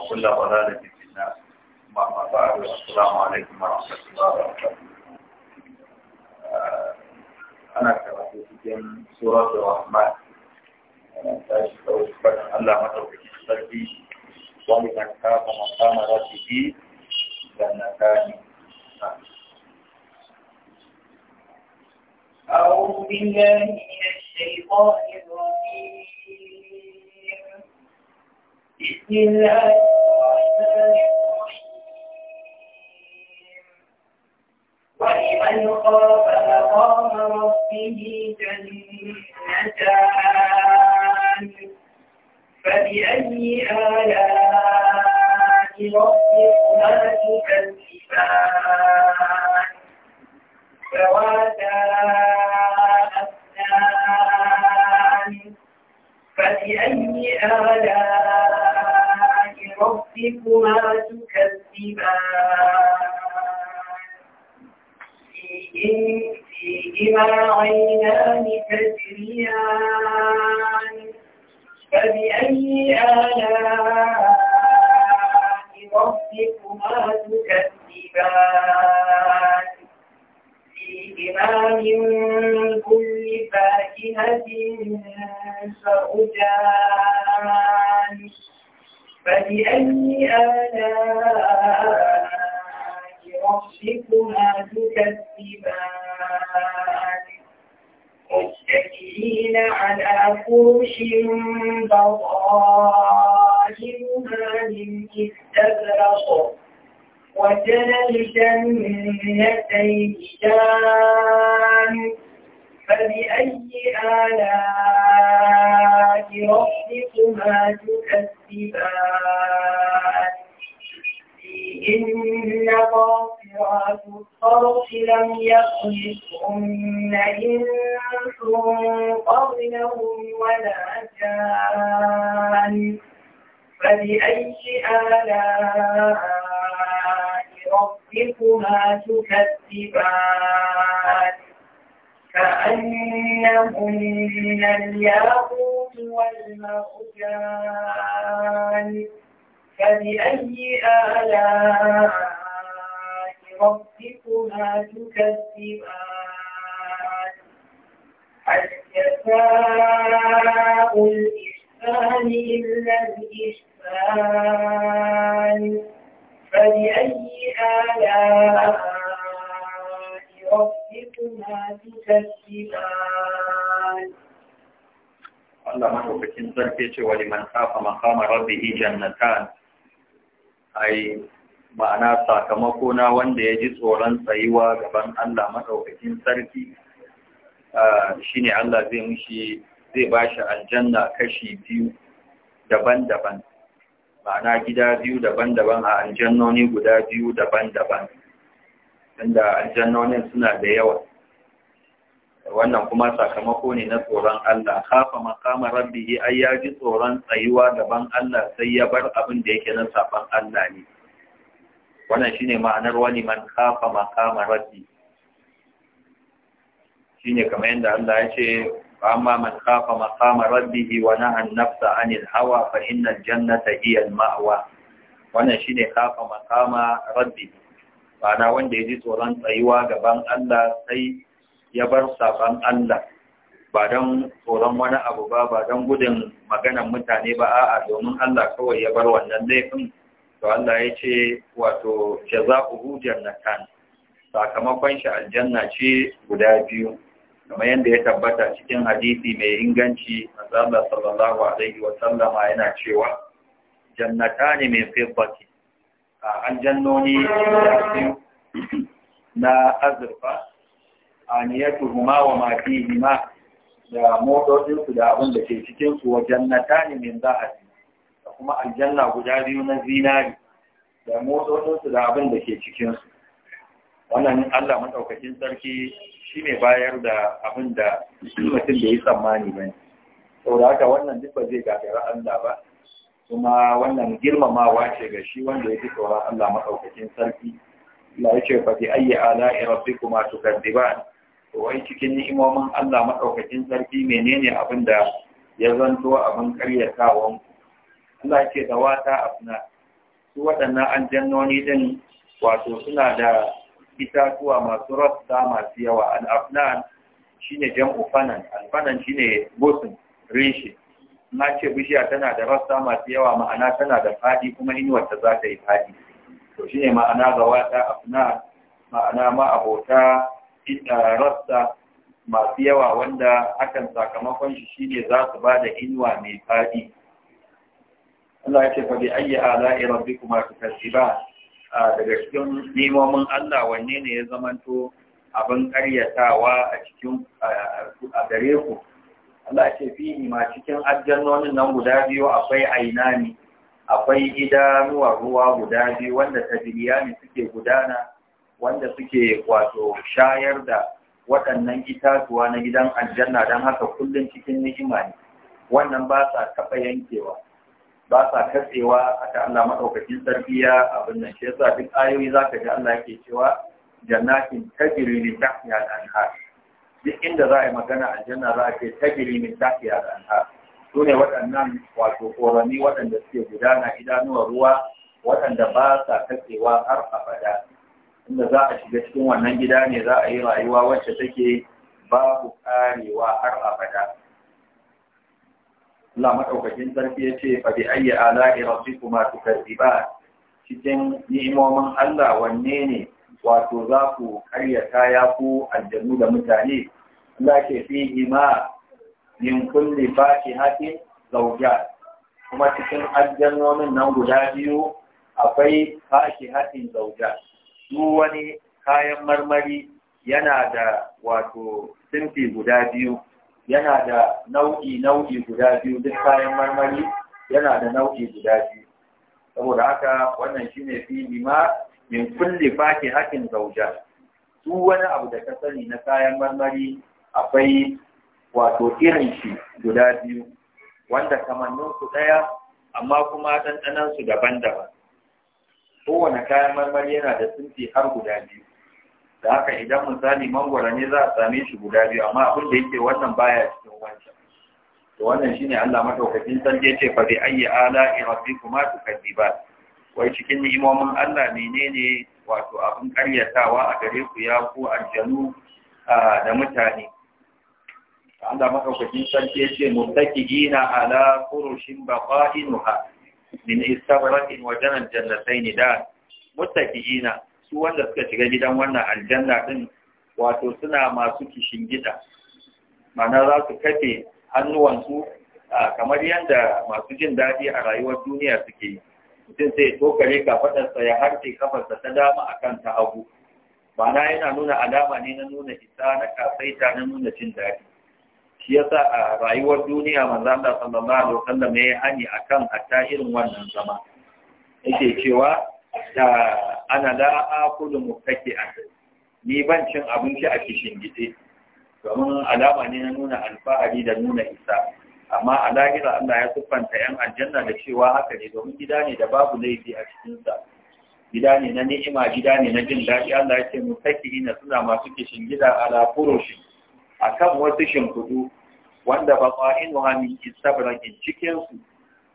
وكل ضلالة في الناس ما بعد السلام عليكم ورحمة الله وبركاته أنا كرهت جن سورة الرحمن الله مدرك السلبي ولمن كان مقام ربه جنتان أعوذ بالله من الشيطان الرجيم بسم الله الرحمن الرحيم ولمن خاف مقام ربه فبأي آلاء ربكما تكذبان ذواتا أفنان فبأي آلاء ربكما تكذبان فيهما عينان تجريان فبأي آلاء ربكما تكذبان فيهما من كل فاكهة زوجان فبأي آلاء ربكما تكذبان متكئين على فرش بطائرها من استبرق وجنى الجنتين جان فبأي آلاء ربكما تكذبان إن قاصرات الطرف لم يخلقهن إنس قبلهم ولا جان فبأي آلاء ربكما تكذبان كأنهن الياقوت والمرجان فبأي آلاء ربكما تكذبان الجزاء الإحسان إلا الإحسان فبأي آلاء ربكما ربكما تكذبان Allah maɗaukakin zarfe cewa liman kafa makama rabbihi jannatan ai ma'ana sakamako na wanda ya ji tsoron tsayuwa gaban Allah maɗaukakin sarki ne Allah zai mushi zai shi aljanna kashi biyu daban-daban ma'ana gida biyu daban-daban a aljannoni guda biyu daban-daban inda aljannonin suna da yawa wannan kuma sakamako ne na tsoron Allah Kafa maqama rabbihi ya yaji tsoron tsayuwa gaban Allah sai ya bar abin da yake na saban Allah ne wannan shine ma'anar wani man kafa maqama rabbi shine kamar yadda Allah ya ce amma man kafa maqama rabbi wa naha an-nafsa 'anil hawa fa innal jannata hiya al-ma'wa wannan shine kafa maqama rabbi Bana wanda ya ji tsoron tsayuwa gaban Allah sai ya bar saban Allah ba don tsoron wani abu ba ba don gudun maganan mutane ba a'a domin Allah kawai ya bar wannan laifin to Allah ya ce wato jaza'uhu jannatan sakamakon shi aljanna ce guda biyu kamar yadda ya tabbata cikin hadisi mai inganci tsallar sallallahu alaihi wa sallama yana cewa ne mai fiddati A aljannoni da biyu na azurfa aniyatuhuma wa ma da motocin da abin da ke cikin su na tani min da kuma aljanna guda biyu na zinari da motocin da abin da ke cikin su wannan Allah madaukakin sarki shine bayar da abin da mutum da yi tsammani bane saboda haka wannan duk ba zai gagara Allah ba kuma wannan girmamawa ce ga shi wanda ya fi tsoron Allah maɗaukakin sarki Allah ya ce fa bi ayyi ala'i rabbikuma tukadziban to wai cikin ni'imomin Allah maɗaukakin sarki menene abin da ya zanto abin ƙaryatawan Allah ya ce da wata afna su waɗannan jannoni din wato suna da itatuwa masu rasta masu yawa al-afnan shine jam'u fanan al-fanan shine gosin, reshe na ce bishiya tana da rassa masu yawa ma'ana tana da fadi kuma inuwarta za ta yi fadi to shine ma'ana zawata na ma'ana ma abota rassa masu yawa wanda akan sakamakon shi ne za su ba da inuwa mai fadi Allah ya ce fa bi ayyi ala'i rabbikuma a daga cikin nemomin Allah wanne ne ya zamanto abin karyatawa a cikin a gare ku Allah ce yi ma cikin aljannonin nan guda biyu akwai ainani akwai idanuwar ruwa guda biyu wanda ne suke gudana wanda suke wato shayar da waɗannan itatuwa na gidan aljanna don haka kullum cikin ni'ima ne wannan ba sa taɓa yankewa ba sa katsewa ta Allah maɗaukakin sarki ya abin nan shi yasa duk ayoyi za ka ji Allah ke cewa jannatin tajri min tahtiha al duk inda za a yi magana a Janna za a ce tajiri min tafiya da anha su ne waɗannan wato ƙorami waɗanda suke gudana idanuwar ruwa waɗanda ba sa katsewa har abada inda za a shiga cikin wannan gida ne za a yi rayuwa wacce take babu karewa har abada Allah madaukakin sarki ya ce fa bi ayyi ala'i rabbikuma tukadiba cikin ni'imomin Allah wanne ne wato za ku karyata ya ku aljanu da mutane Allah ke fi ma min kulli fakihatin zauja, kuma cikin aljannonin nan guda biyu akwai fakihatin zauja. su wani kayan marmari yana da wato sinfi guda biyu yana da nau'i nau'i guda biyu duk kayan marmari yana da nau'i guda biyu saboda haka wannan shine fi ma min kulli fakihatin zauja duk wani abu da ka sani na kayan marmari akwai wato irin shi guda biyu wanda kamannin su ɗaya amma kuma ɗanɗanan su daban-daban kowane kayan marmari yana da sunfi har guda biyu da haka idan misali mangwara ne za a same shi guda biyu amma abin da yake wannan baya cikin wancan to wannan shine Allah madaukakin sarki yace fa bi ayyi ala'i rabbikuma tukadiban wai cikin ni'imomin Allah menene wato abin karyatawa a gare ku ya ko aljanu da mutane Allah madaukakin sarki ce muttaqina ala furushin baqainuha min istabratin wa jannatin jannatayn da muttaqina su wanda suka shiga gidan wannan aljanna din wato suna masu kishin gida Mana za su kafe hannuwansu kamar yadda masu jin daɗi a rayuwar duniya suke yi mutum sai tokare tokare kafaɗarsa ya harce kafarsa ta dama a kan ta hagu ma'ana yana nuna alama ne na nuna isa na kasaita na nuna cin daɗi shi yasa a rayuwar duniya manzo Allah sallallahu alaihi wasallam ya hani akan hatta irin wannan zama yake cewa da ana la akulu muttaki'an ni ban cin abinci a kishin gidi. domin alama ne na nuna alfahari da nuna isa amma a lahira Allah ya siffanta ‘yan aljanna da cewa haka ne domin gida ne da babu laifi a cikinsa gida ne na ni'ima gida ne na jin daɗi Allah ya ce mu saki na suna masu kishin gida a lafuroshin a kan wasu shimfiɗu wanda ba ƙwa'in wani istabrakin cikinsu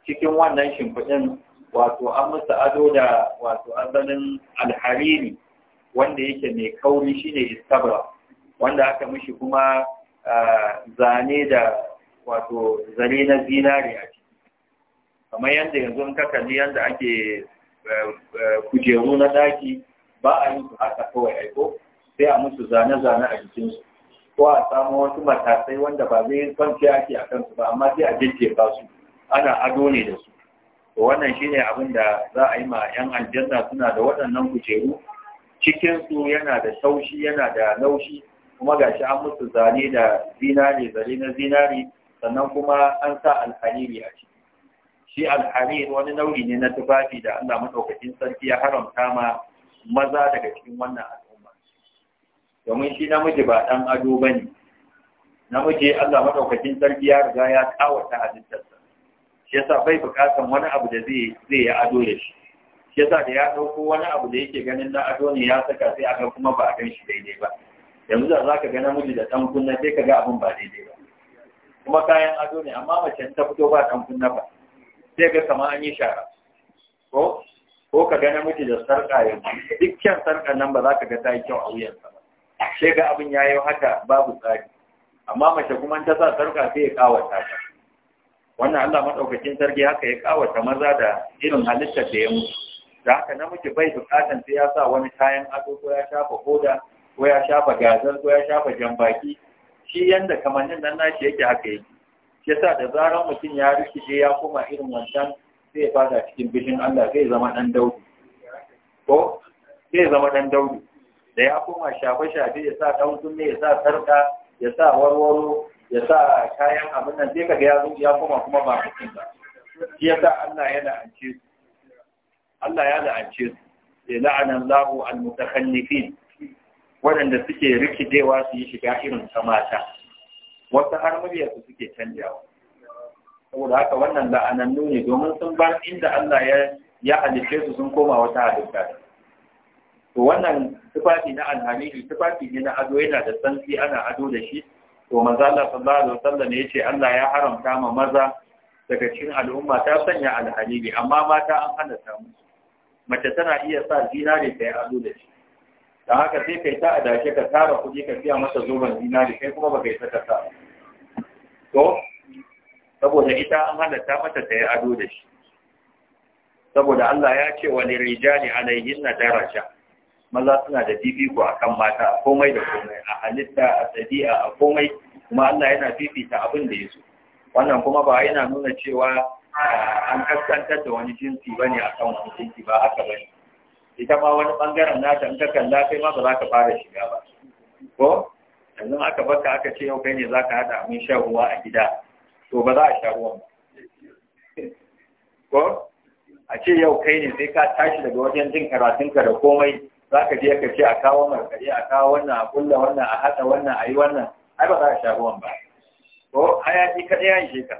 cikin wannan shimfiɗin wato an musu ado da wato asalin alhariri wanda yake mai kauri shine istabra wanda aka mishi kuma ah, zane da wato zane na zinari a ciki kamar yadda yanzu in ka yadda ake eh, eh, kujeru na daki ba a yi su haka kawai aiko sai a musu zane-zane a jikinsu ko a samu wasu matasai wanda ba zai kwanci ake a kansu ba amma sai a ba su ana ado ne da su to wannan shine abin da za a yi ma 'yan aljanna suna da waɗannan kujeru cikinsu yana da taushi yana da laushi kuma gashi an musu zane da zinari zane na zinari. sannan kuma an sa alhariri a ciki shi alhariri wani nauyi ne na tufafi da Allah madaukakin sarki ya haramta ma maza daga cikin wannan al'umma domin shi namiji ba dan ado bane namiji Allah madaukakin sarki ya riga ya kawata sa shi yasa bai bukatan wani abu da zai zai ya ado ya shi shi yasa da ya dauko wani abu da yake ganin na ado ne ya saka sai aka kuma ba a gan shi daidai ba yanzu da zaka ga namiji da dan kunna sai ka ga abin ba daidai ba kuma kayan ado ne amma mace ta fito ba ɗan na ba sai ga kama an yi shara ko ko ka ga namiji da sarƙa yanzu duk kyan sarka nan ba za ka ga ta yi kyau a wuyansa ba sai ga abin ya yi haka babu tsari amma mace kuma ta sa sarƙa sai ya kawata ta wannan Allah maɗaukacin sarki haka ya kawata maza da irin halittar da ya mutu da haka namiji bai bukatan sai ya sa wani kayan ado ko ya shafa koda ko ya shafa gazal ko ya shafa baki. shi yanda kamannin nan nashi yake haka yake shi yasa da zarar mutum ya rikice ya koma irin wancan zai fada cikin bishin Allah zai zama dan daudu ko zai zama dan daudu da ya koma shafe-shafe ya sa ɗan kunne ya sa sarƙa ya sa warwaro ya sa kayan abin nan sai kaga ya yazo ya koma kuma ba mutum ba shi yasa Allah ya la'ance su Allah ya la'ance su la'ana Allahu al-mutakhallifin waɗanda suke rikidewa su yi shiga irin ta mata wasu har su suke canjawa saboda haka wannan la'anannu ne domin sun bar inda Allah ya ya su sun koma wata halitta to wannan tufafi na alhamiri tufafi ne na ado yana da santsi ana ado da shi to manzo Allah sallallahu alaihi wasallam ya ce Allah ya haramta ma maza daga cikin al'umma ta sanya alhamiri amma mata an hana ta mace tana iya sa zinare ta yi ado da shi da haka sai kai ta adashe ka tara kuɗi ka siya masa zoben da kai kuma baka yi ta to saboda ita an halatta mata ta yi ado da shi saboda Allah ya ce wa lirijali alaihinna daraja maza suna da fifiko akan mata komai da komai a halitta a tsadiya a komai kuma Allah yana fifita abin da ya so wannan kuma ba yana nuna cewa ah, an kaskantar da wani jinsi bane akan wani jinsi ba haka bane ita ma wani bangaren nata in ka kalla kai ma ba za ka fara shiga ba ko yanzu aka baka aka ce yau kai ne za ka haɗa abin shan ruwa a gida to ba za a sha ruwan ko a ce yau kai ne sai ka tashi daga wajen jin karatunka da komai za ka je ka ce a kawo markari a kawo wannan a kulla wannan a haɗa wannan a yi wannan ai ba za a sha ruwan ba ko hayaki kaɗai ya ishe ka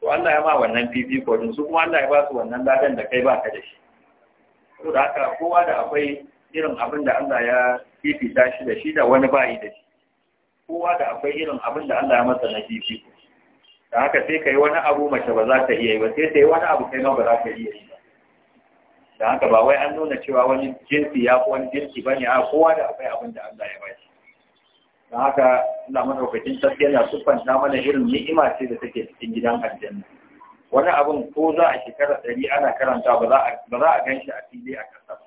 to Allah ya ma wannan fifiko din su kuma Allah ya ba su wannan ladan da kai ba ka da shi Ko da haka kowa da akwai irin abin da Allah ya fifita shi da shi da wani bayi da shi kowa da akwai irin abin da Allah ya masa na fifi da haka sai ka yi wani abu mace ba za ta iya yi ba sai ta yi wani abu kai ma ba za ta iya yi ba da haka ba wai an nuna cewa wani jinsi ya fi wani jinsi ba ne a kowa da akwai abin da Allah ya ba shi da haka Allah madaukakin sarki yana sufanta mana irin ni'ima ce da take cikin gidan aljanna wani abin ko za a shekara ɗari ana karanta ba za a gan shi a fili a ƙasa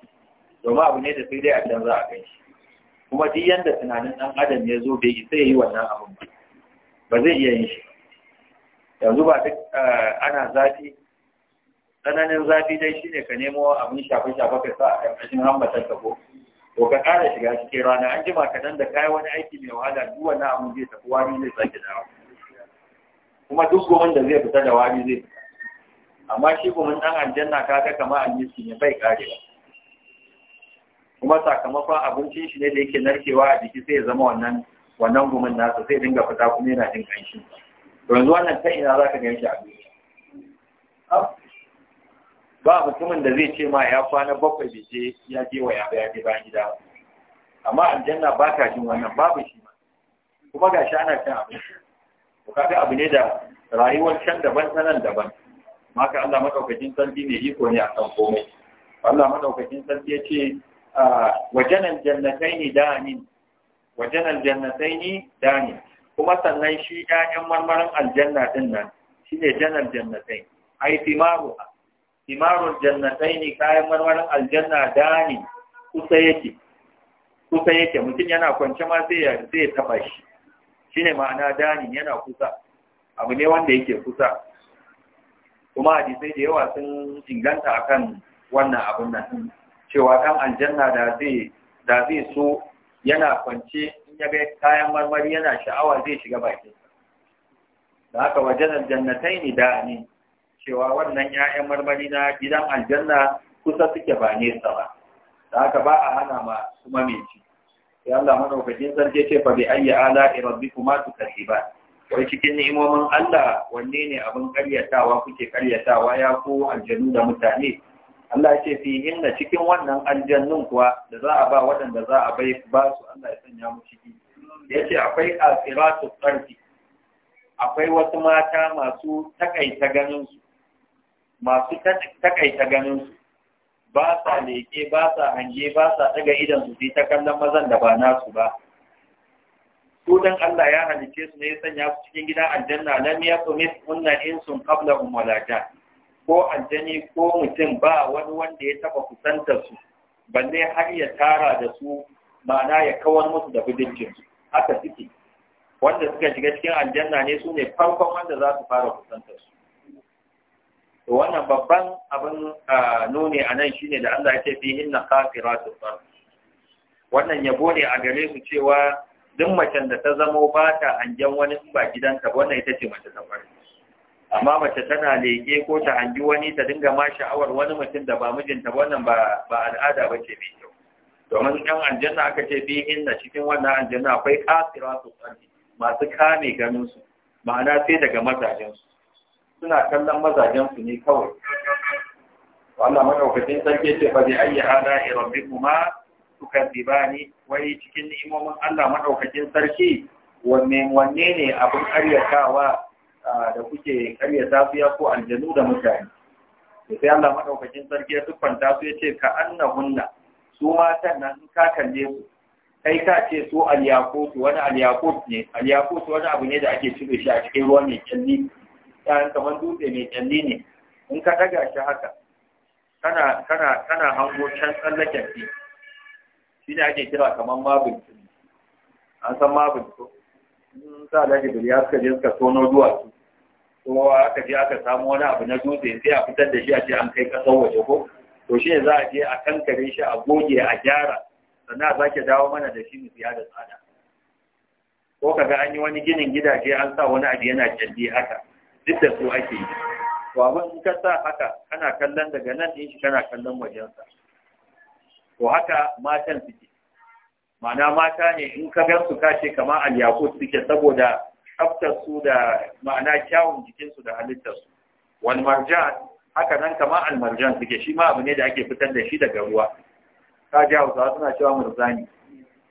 domin abu ne da sai dai a can za a gan shi kuma duk yadda tunanin ɗan adam ya zo bai isa ya yi wannan abin ba ba zai iya yin shi yanzu ba duk eh, ana zafi tsananin zafi dai shine ka nemo abin shafe-shafe ka sa a ƙarƙashin hambatar ka ko to ka ƙara shiga cikin rana an jima kaɗan da kayan wani aiki mai wahala duk wannan abin zai tafi wani zai sake dawo kuma duk goma da zai fita da wari zai amma shi goma ɗan aljanna ka ga kamar almisi ne bai kare ba kuma sakamakon abincin shi ne da yake narkewa a jiki sai ya zama wannan wannan gumin nasa sai dinga fita kuma yana jin kanshi to yanzu wannan ta ina za ka gan shi a duniya ba mutumin da zai ce ma ya kwana bakwai bai je ya je wa ya bayani bayan gida amma aljanna ba ka jin wannan babu shi ma kuma gashi ana cin abinci to kaga abu ne da rayuwar can daban sanan daban maka Allah madaukakin sarki ne iko ne akan komai Allah madaukakin sarki ya ce ah, Wajen jannataini danin wajenan da danin kuma sannan shi ƴaƴan marmarin aljanna din nan shine janar jannatai. ai timaru jannatai jannataini kayan marmarin aljanna ni. kusa yake kusa yake mutum yana kwance ma zai ya taba shi shine ma'ana dani yana kusa abu ne wanda yake kusa kuma hadisai da yawa sun inganta akan wannan abun nan cewa kan aljanna da zai so yana kwance in ya ga kayan marmari yana sha'awa zai shiga bakin da haka wajen aljannatai ne da ne cewa wannan 'ya'yan marmari na gidan aljanna kusa suke ba nesa ba da haka ba a hana ma kuma mai ci sai Allah madaukakin sarki ce fa bi ayyi ala rabbikuma ba. wai cikin ni'imomin Allah wanne ne abin karyatawa kuke karyatawa ya ku aljanu da mutane Allah ce fi inna cikin wannan aljannun kuwa da za a ba waɗanda za a bai ba su Allah ya sanya mu ciki yace akwai asiratu tsarki akwai wasu mata masu takaita ganin su masu takaita ganin su ba sa leƙe ba sa hange ba sa ɗaga idan su ta kallon mazan da ba nasu ba su dan Allah ya halice su ne ya sanya su cikin gidan aljanna lam yaqmis unna insun qablahum wala jan ko aljani ko mutum ba wani wanda ya taba kusantar su balle har ya tara da su ma'ana ya kawar musu da bidincin haka suke wanda suka shiga cikin aljanna ne sune ne farkon wanda za su fara kusantar su to wannan babban abin nuni a nan shi ne da Allah yake ce fihin na kafiratu wannan yabo ne a gare su cewa duk macen da ta zamo ba ta anjan wani in ba gidanta wannan ita ce mace ta amma mace tana leke ko ta anji wani ta dinga ma sha'awar wani mutum da ba mijinta wannan ba ba al'ada ba ce mai kyau domin ɗan aljanna aka ce fihin na cikin wannan aljanna akwai kafiratu masu kame ganin su ma'ana sai daga su. suna kallon mazajensu ne kawai Allah maɗaukacin sarki ce ba zai ayyi hada rabbikuma tukadibani wai cikin ni'imomin Allah maɗaukacin sarki wanne wanne ne abin karyatawa ah, da kuke karyata safiya ko aljanu da mutane sai Allah maɗaukacin sarki ya tuffanta su ya yace ka annahunna su matan nan ka kalle su kai ka ce su alyakut wani alyakut ne wani abu ne da ake cire shi a cikin ruwa mai kyalli kayan kamar dutse mai tsalli ne in ka daga shi haka kana kana kana hango can tsallaken shi shi ne ake kira kamar mabin an san mabin ko in sa da jibril ya suka je suka tono duwatsu ko aka je aka samu wani abu na dutse sai a fitar da shi a ce an kai kasar waje ko to shi ne za a je a kankare shi a goge a gyara sannan a sake dawo mana da shi nufiya da tsada ko kaga an yi wani ginin gidaje an sa wani abu yana kyalli haka duk da su ake yi to amma in ka sa haka kana kallon daga nan ɗin shi kana kallon wajensa to haka matan suke ma'ana mata ne in ka gan su kace kamar alyakut suke saboda tsaftar su da ma'ana kyawun jikinsu da halittar su wal marjan haka nan kamar almarjan suke shi ma abu ne da ake fitar da shi daga ruwa ka ji hausawa suna cewa murzani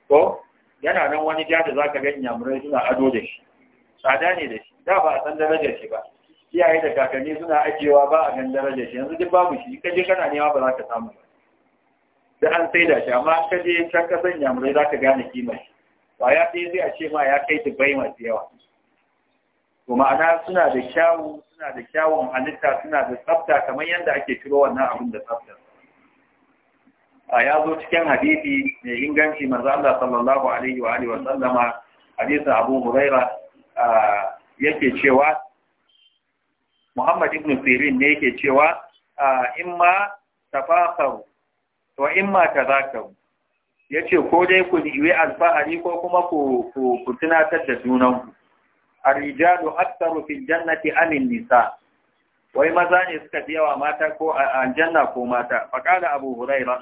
ko yana nan wani ja da zaka ga inyamurai suna ado da shi tsada ne da da ba a san darajar shi ba iyaye da kakanni suna ajiyewa ba a gan darajar shi yanzu duk babu shi ka je kana nema ba za ka samu da an sai da shi amma ka je can ka sanya murai za ka gane kimar shi ba ya sai sai a ce ma ya kai dubai masu yawa to ma'ana suna da kyawu suna da kyawun halitta suna da tsafta kamar yadda ake ciro wannan abin da tsafta a ya zo cikin hadisi mai inganci manzo Allah sallallahu alaihi wa alihi wa sallama hadisin Abu Huraira yake cewa Muhammad ibn Sirin ne yake cewa in ma tafakaru to in ma tazakaru yace ko dai ku yi alfahari ko kuma ku ku tunatar da junanku ku rijalu aktharu fil jannati amin nisa wai maza ne suka fi yawa mata ko janna ko mata faqala abu huraira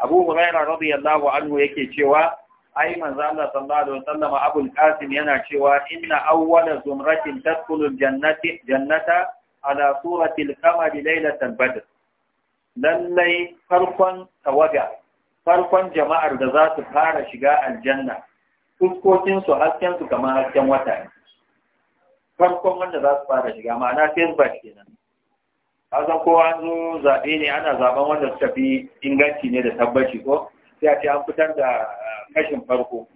abu huraira radiyallahu anhu yake cewa ai manzo Allah sallallahu alaihi wasallam Abul Qasim yana cewa inna awwala zumratin tadkhulu jannati jannata ala surati al-qamar laylatal badr lallai farkon tawaga farkon jama'ar da za su fara shiga aljanna fuskokin su hasken su kamar hasken wata farkon wanda za su fara shiga ma'ana first batch kenan azan kowa an zo zaɓe ne ana zaɓen wanda suka fi inganci ne da tabbaci ko sai ce an fitar da eh, kashin farko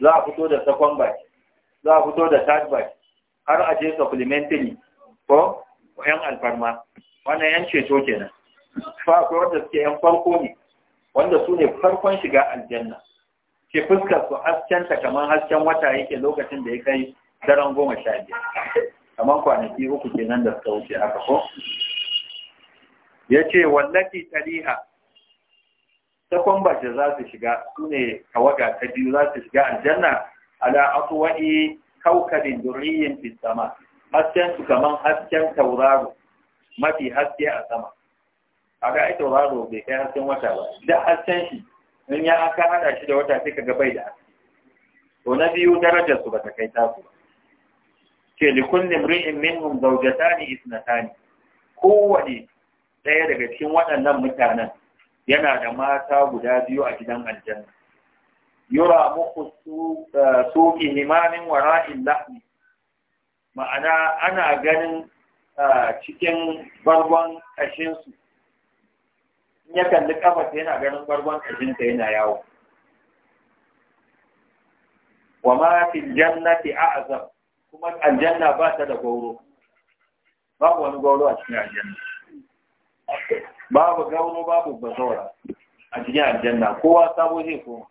za a fito da second batch za a fito da third batch har a je supplementary ko yan alfarma wannan yan ceto kenan fa akwai wanda suke yan farko ne wanda su ne farkon shiga aljanna ke fuskar su haskenta kamar hasken wata yake lokacin da ya kai daren goma sha biyar kamar kwanaki uku kenan da suka wuce haka ko ya ce wallafi tariha ta kwamba da za su shiga su ne ta biyu za su shiga aljanna ala aswa'i kawkabin durriyin fi sama hasken su kaman hasken tauraro mafi haske a sama kaga ai tauraro bai kai hasken wata ba da hasken shi in ya aka hada shi da wata sai kaga bai da haske to na biyu darajar su bata kai tasu ba ke likulli mri'in minhum zawjatani isnatani kowane ɗaya daga cikin waɗannan mutanen yana da mata guda biyu a gidan aljanna yura muku su eh, imanin wara'in lahmi ma'ana ana ganin eh, cikin bargon ƙashinsu in ya kalli ƙafarsa yana ganin bargon ƙashinsa yana yawo wa ma fi jannati a'zam kuma aljanna ba ta da gauro babu wani gauro a cikin aljanna babu gauno babu bazora a cikin aljanna kowa sabo zai koma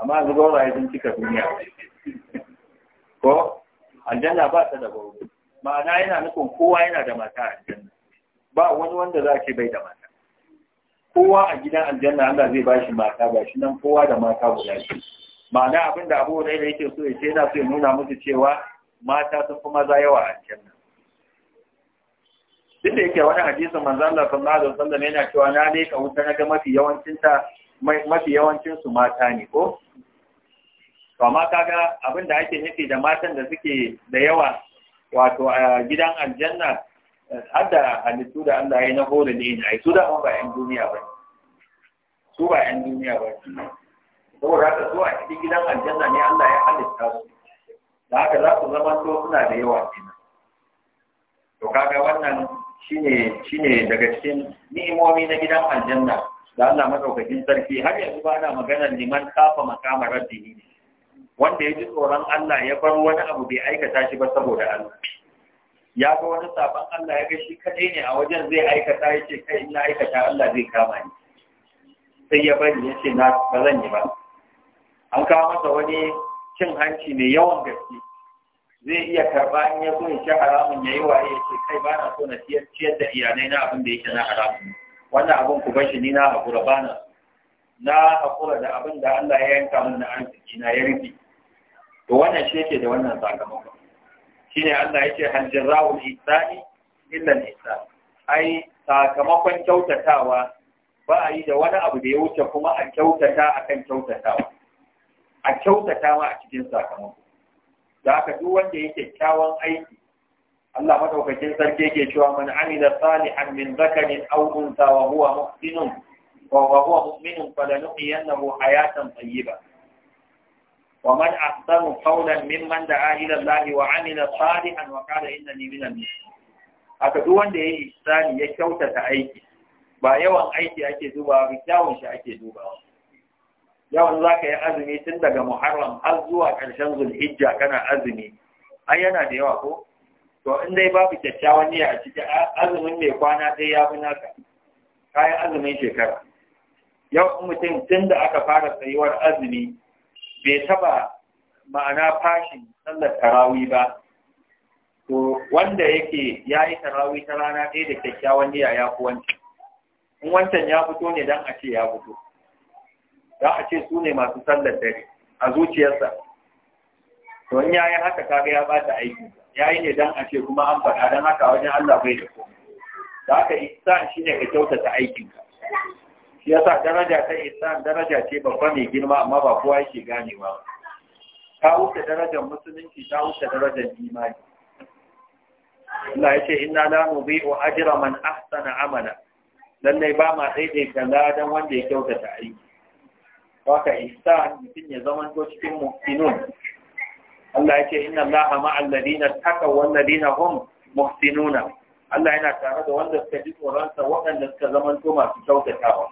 amma zuba wa sun cika duniya ko aljanna ba ta da bauro ma'ana yana nufin kowa yana da mata a aljanna ba wani wanda za ke bai da mata kowa a gidan aljanna Allah zai bashi mata ba shi nan kowa da mata guda shi ma'ana abin da abu da yake so ya ce yana so ya nuna musu cewa mata sun fi maza yawa a aljanna tunda yake wani hadisin manzo Allah sallallahu alaihi wasallam yana cewa na ne ka wuta ga mafi yawancin ta mafi yawancin su mata ne ko to amma kaga abin da ake nufi da matan da suke da yawa wato a gidan aljanna har da halittu da Allah ya yi na hore ne ai su da ba 'yan duniya ba su ba 'yan duniya ba saboda haka a cikin gidan aljanna ne Allah ya halitta su da haka za su zama to suna da yawa kenan to kaga wannan shine daga cikin ni'imomi na gidan aljanna da Allah madaukakin sarki har yanzu ba na maganar liman kafa makama rabbi ne wanda ya ji tsoron Allah ya bar wani abu bai aikata shi ba saboda Allah ya ga wani sabon Allah ya ga shi kadai ne a wajen zai aikata ya ce kai ina aikata Allah zai kama ni sai ya bari ya ce na ba zan yi ba an kawo masa wani cin hanci mai yawan gaske zai iya karba in ya so ya ci haramun ya yi waye ya ce kai ba na so na ciyar da iyalai na abin da yake na haramun wannan abin ku bashi ni na haƙura ba na na haƙura da abin da Allah ya yanka min na arziki na ya rufe to wannan shi yake da wannan sakamakon shine Allah ya ce hal jazaa'ul isa illa Illan isa. ai sakamakon kyautatawa ba a yi da wani abu da ya wuce kuma a kyautata akan kyautatawa a kyautata ma a cikin sakamako da aka duk wanda yake kyawun aiki Allah madaukakin sarki yake cewa man amila salihan min zakarin aw unsa wa huwa muhsinun wa huwa mu'minun falanuhyiyannahu hayatan tayyiba ومن أحسن قولا ممن دعا إلى الله وعمل صالحا وقال إنني من المسلمين haka duk wanda ya yi ihsani ya kyautata aiki ba yawan aiki ake dubawa ba kyawun shi ake dubawa yawan za ka yi azumi tun daga muharram har zuwa ƙarshen zulhijja kana azumi ai yana da yawa ko to in dai babu kyakkyawan niyya a ciki, azumin mai kwana dai ya fi naka yi azumin shekara yau mutum tun da aka fara tsayuwar azumi bai taba ma'ana fashin sallar tarawi ba to wanda yake ya yi tarawi ta rana ɗaya da kyakkyawan niyya ya fi wancan in wancan ya fito ne don a ce ya fito za a ce su ne masu sallar dare a zuciyarsa to in yayi haka kaga ya bata aiki yayi ne dan a ce kuma an faɗa dan haka wajen Allah bai da komai da haka ihsan shine ka kyautata aikinka shi yasa daraja ta ihsan daraja ce babba mai girma amma ba kowa yake ganewa ta wuce darajar musulunci ta wuce darajar imani Allah ya ce inna la nubi'u ajra man ahsana amala lallai ba ma dai da ladan wanda ya kyautata aiki Waka ihsan mutum ya zama to cikin muhsinun. Allah ya ce inna Allah ma'al ladina taqaw wal ladina hum muhsinuna. Allah yana tare da wanda suka ji tsoron sa waɗanda suka zama to masu kyautatawa.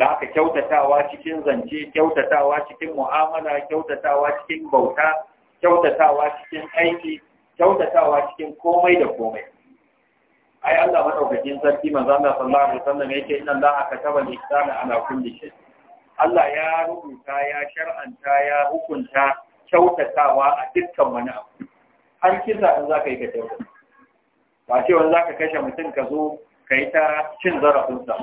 da aka kyautatawa cikin zance kyautatawa cikin mu'amala kyautatawa cikin bauta kyautatawa cikin aiki kyautatawa cikin komai da komai ai Allah madaukakin sarki manzo Allah sallallahu alaihi wasallam yake inna Allah kataba al-ihsana ala kulli shay'in Allah ya rubuta ya shar'anta ya hukunta kyautatawa a dukkan wani abu har kisa in za ka yi ka kyautata ba ce wani za ka kashe mutum ka zo ka yi ta cin zarafinsa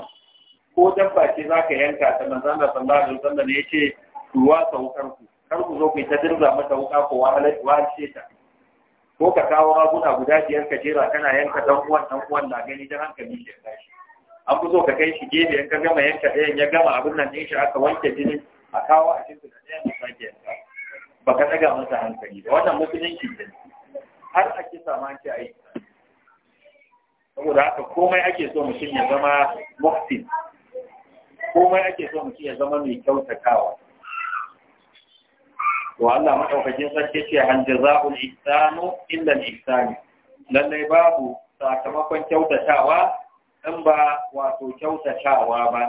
ko dabba ce za ka yanka ta manzan da sallallahu alaihi ya ce ku ta wukar ku kar ku zo ku ta dirza mata wuka ko wahalce ta ko ka kawo raguna guda biyar ka jera kana yanka dan uwan dan uwan na gani dan hankali ke tashi an fi so ka kai shi gefe in ka gama yanka ɗayan ya gama abin nan ɗin shi aka wanke jini a kawo a cikin da ɗayan ka sake yanka ba ka ɗaga masa hankali ba wannan musulunci ne har a kisa ma a aiki saboda haka komai ake so mutum ya zama muhsin komai ake so mutum ya zama mai kyautatawa to Allah madaukakin sarki ce hal jazaa'ul ihsanu illa al ihsan lallai babu sakamakon kyautatawa in ba wato kyautatawa ba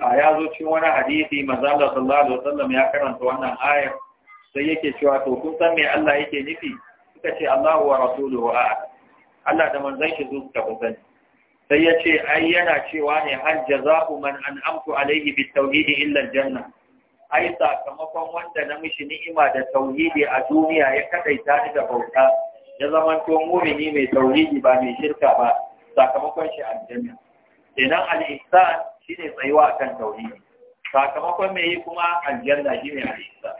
a ya zo cikin wani hadisi manzo sallallahu alaihi wasallam ya karanta wannan aya sai yake cewa to kun san me Allah yake nufi suka ce Allahu wa rasuluhu a Allah da manzon shi zuwa suka sani sai ya ce ai yana cewa ne har jazahu man an'amtu alaihi bit tauhid illa janna ai sakamakon wanda na mishi ni'ima da tauhidi a duniya ya kadaita ni da bauta ya zama to mu'mini mai tauhidi ba mai shirka ba sakamakon shi aljanna kenan al-ihsan shine tsayuwa akan tauhidi sakamakon mai yi kuma aljanna shine al-ihsan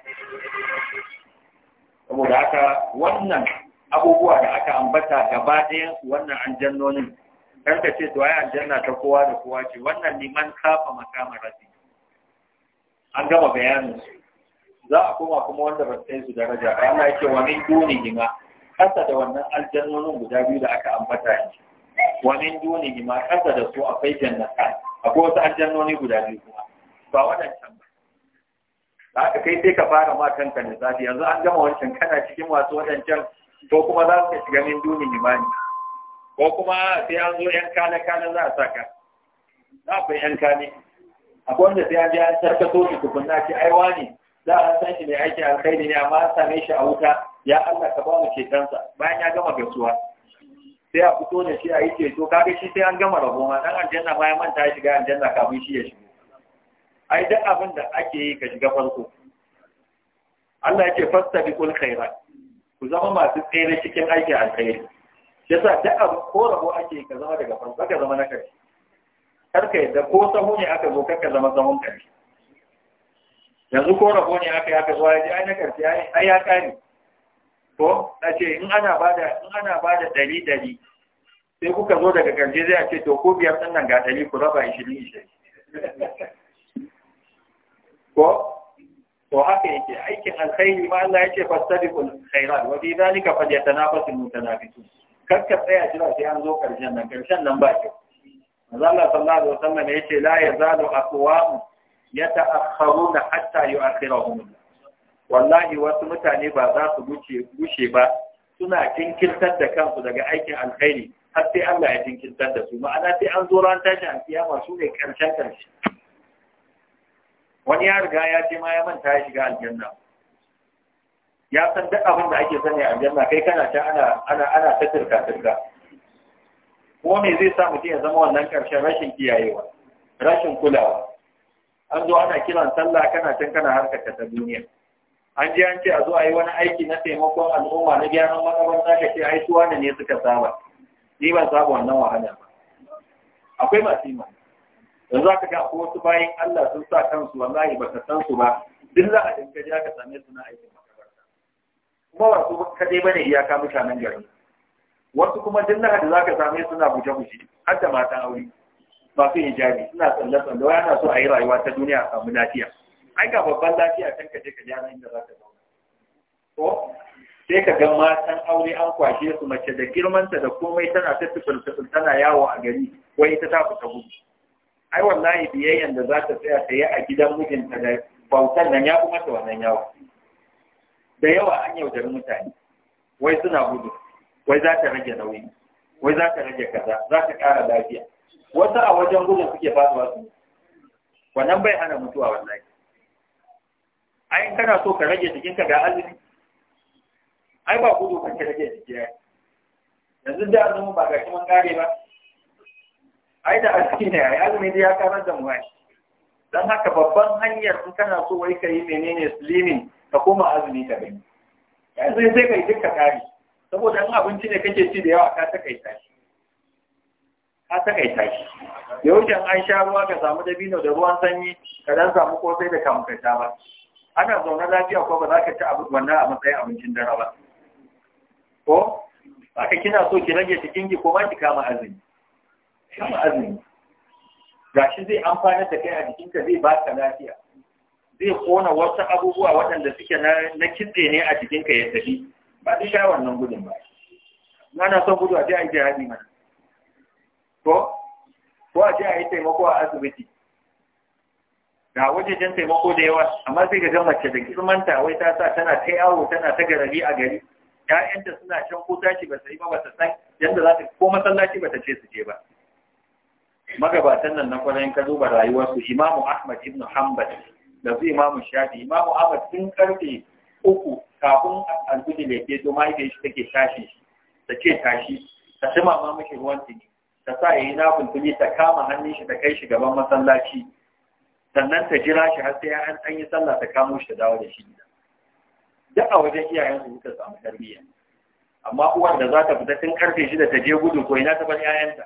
saboda haka wannan abubuwa da aka ambata gaba ɗaya wannan aljannonin kar ka ce to ai aljanna ta kowa da kowa ce wannan liman kafa makama rabbi an gama bayanin su za a koma kuma wanda ba sai su daraja ba Allah yake wa min duni jima kasa da wannan aljannonin guda biyu da aka ambata yanzu wani min ne ma kasa da su akwai jannatan akwai wasu aljannoni guda biyu kuma ba wadancan ba Za ka kai sai ka fara ma kanka ne zafi yanzu an gama wancan kana cikin wasu wadancan ko kuma za su shiga min ne ma ne ko kuma sai an zo yan kana kana za a saka za a yan kane akwai wanda sai an je an tarkato shi tukunna ce ai wani za a san shi mai aiki alkhairi ne amma an same shi a wuta ya Allah ka ba mu cetonsa bayan ya gama gasuwa sai a fito da shi a yi ceto kaga shi sai an gama rabo ma dan aljanna ma ya manta ya shiga aljanna kafin shi ya shigo ai duk abin da ake yi ka shiga farko Allah ya ce kul khaira ku zama masu tsere cikin aikin alkhairi yasa duk abu ko rabo ake yi ka zama daga farko ka zama na karshe kar ka yadda ko sahu ne aka zo kaka ka zama sahun karshe yanzu ko rabo ne aka yi aka zo ya ji ai na karshe ai ya kare ko na ce in ana bada in ana bada dari dari sai kuka zo daga karshe zai ce to ko biyar din nan ga dari ku raba 20 ishirin ko to haka yake aikin alkhairi ma Allah ya ce fastabiqul khairat wa bi fa yatanafasu mutanafisun kakka tsaya jira sai an zo karshen nan karshen nan ba kyau manzo Allah sallallahu alaihi wasallam ya la yazalu aqwam yata'akhkharuna hatta yu'akhirahum wallahi wasu mutane ba za su gushe ba suna jinkirtar da kansu daga aikin alkhairi har sai Allah ya jinkirtar da su ma'ana sai an zo ran tashi alkiyama su ne karshen karshe wani ya riga ya ce ma ya manta ya shiga aljanna ya san duk abin da ake sani aljanna kai kana ta ana ana ana ta turka turka ko me zai sa mutum ya zama wannan karshen rashin kiyayewa rashin kulawa an zo ana kiran sallah kana can kana harkar ta duniya an je an ce a zo a yi wani aiki na taimakon al'umma na gyara makabarta ka ce haihuwa da ne suka saba ni ban saba wannan wahala ba akwai masu yi yanzu aka ga ko wasu bayan Allah sun sa kansu wallahi baka san su ba duk za a dinka ji aka same su na aikin makabarta kuma ba su kadai bane iyaka mutanen garin wasu kuma duk lahadi za ka same suna guje-guje har da matan aure masu hijabi suna tsalle-tsalle wai ana so a yi rayuwa ta duniya a samu lafiya ai ga babban lafiya kan ka je ka gyara inda za ka zauna ko sai ka ga matan aure an kwashe su mace da girmanta da komai tana ta tufil tana yawo a gari ko ita ta fita gudu ai wallahi biyayyan da za ta tsaya ta yi a gidan mijinta da bautan nan ya kuma ta wannan yawo da yawa an yaudari mutane wai suna gudu wai za ta rage nauyi wai za ta rage kaza za ta ƙara lafiya wasu a wajen gudun suke faduwa su wannan bai hana mutuwa wallahi ai kana so ka rage jikinka ga azumi ai ba gudu kan ka rage jiki ai yanzu da azumi ba ga kuma kare ba ai da azumi ne ai azumi da ya karar da mu dan haka babban hanyar in kana so wai ka yi menene slimin ka koma azumi ka gani yanzu sai ka yi duka kare saboda in abinci ne kake ci da yawa ka takaita shi ka takaita shi yau yau an sha ruwa ka samu dabino da ruwan sanyi ka dan samu kosai da kamkata ba ana zaune lafiya ko ba za ka ci wannan a matsayin abincin dare ba ko ba ka kina so ki rage cikin ki ko ma ki kama azumi kama azumi Ga shi zai amfana da kai a jikinka zai baka lafiya zai kona wasu abubuwa waɗanda suke na kitse ne a jikinka ya tafi ba ta sha wannan gudun ba ana son gudu a je a yi jihadi mana ko ko a je a yi taimako a asibiti ga wajejen taimako da yawa amma sai ga mace da girmanta wai ta sa tana ta yawo tana ta garabi a gari ƴaƴanta suna can ko tashi ba sai ba ba ta san yadda za ta ko masallaci ba ta ce su je ba magabatan nan na kwanan ka duba rayuwarsu imamu ahmad ibn hanbal da su imamu shafi imamu ahmad sun karfe uku kafin alfiji da ke zo mahaifiyar shi take tashi shi ta ce tashi ta ruwan tuni ta sa ya yi nafin tuni ta kama hannun shi ta kai shi gaban masallaci sannan ta jira shi har sai an an yi sallah ta kamo shi ta dawo da shi gida duk a wajen iyayen su suka samu tarbiyya amma uwar da za ta fita tun karfe shida ta je gudu ko ina ta bar 'ya'yanta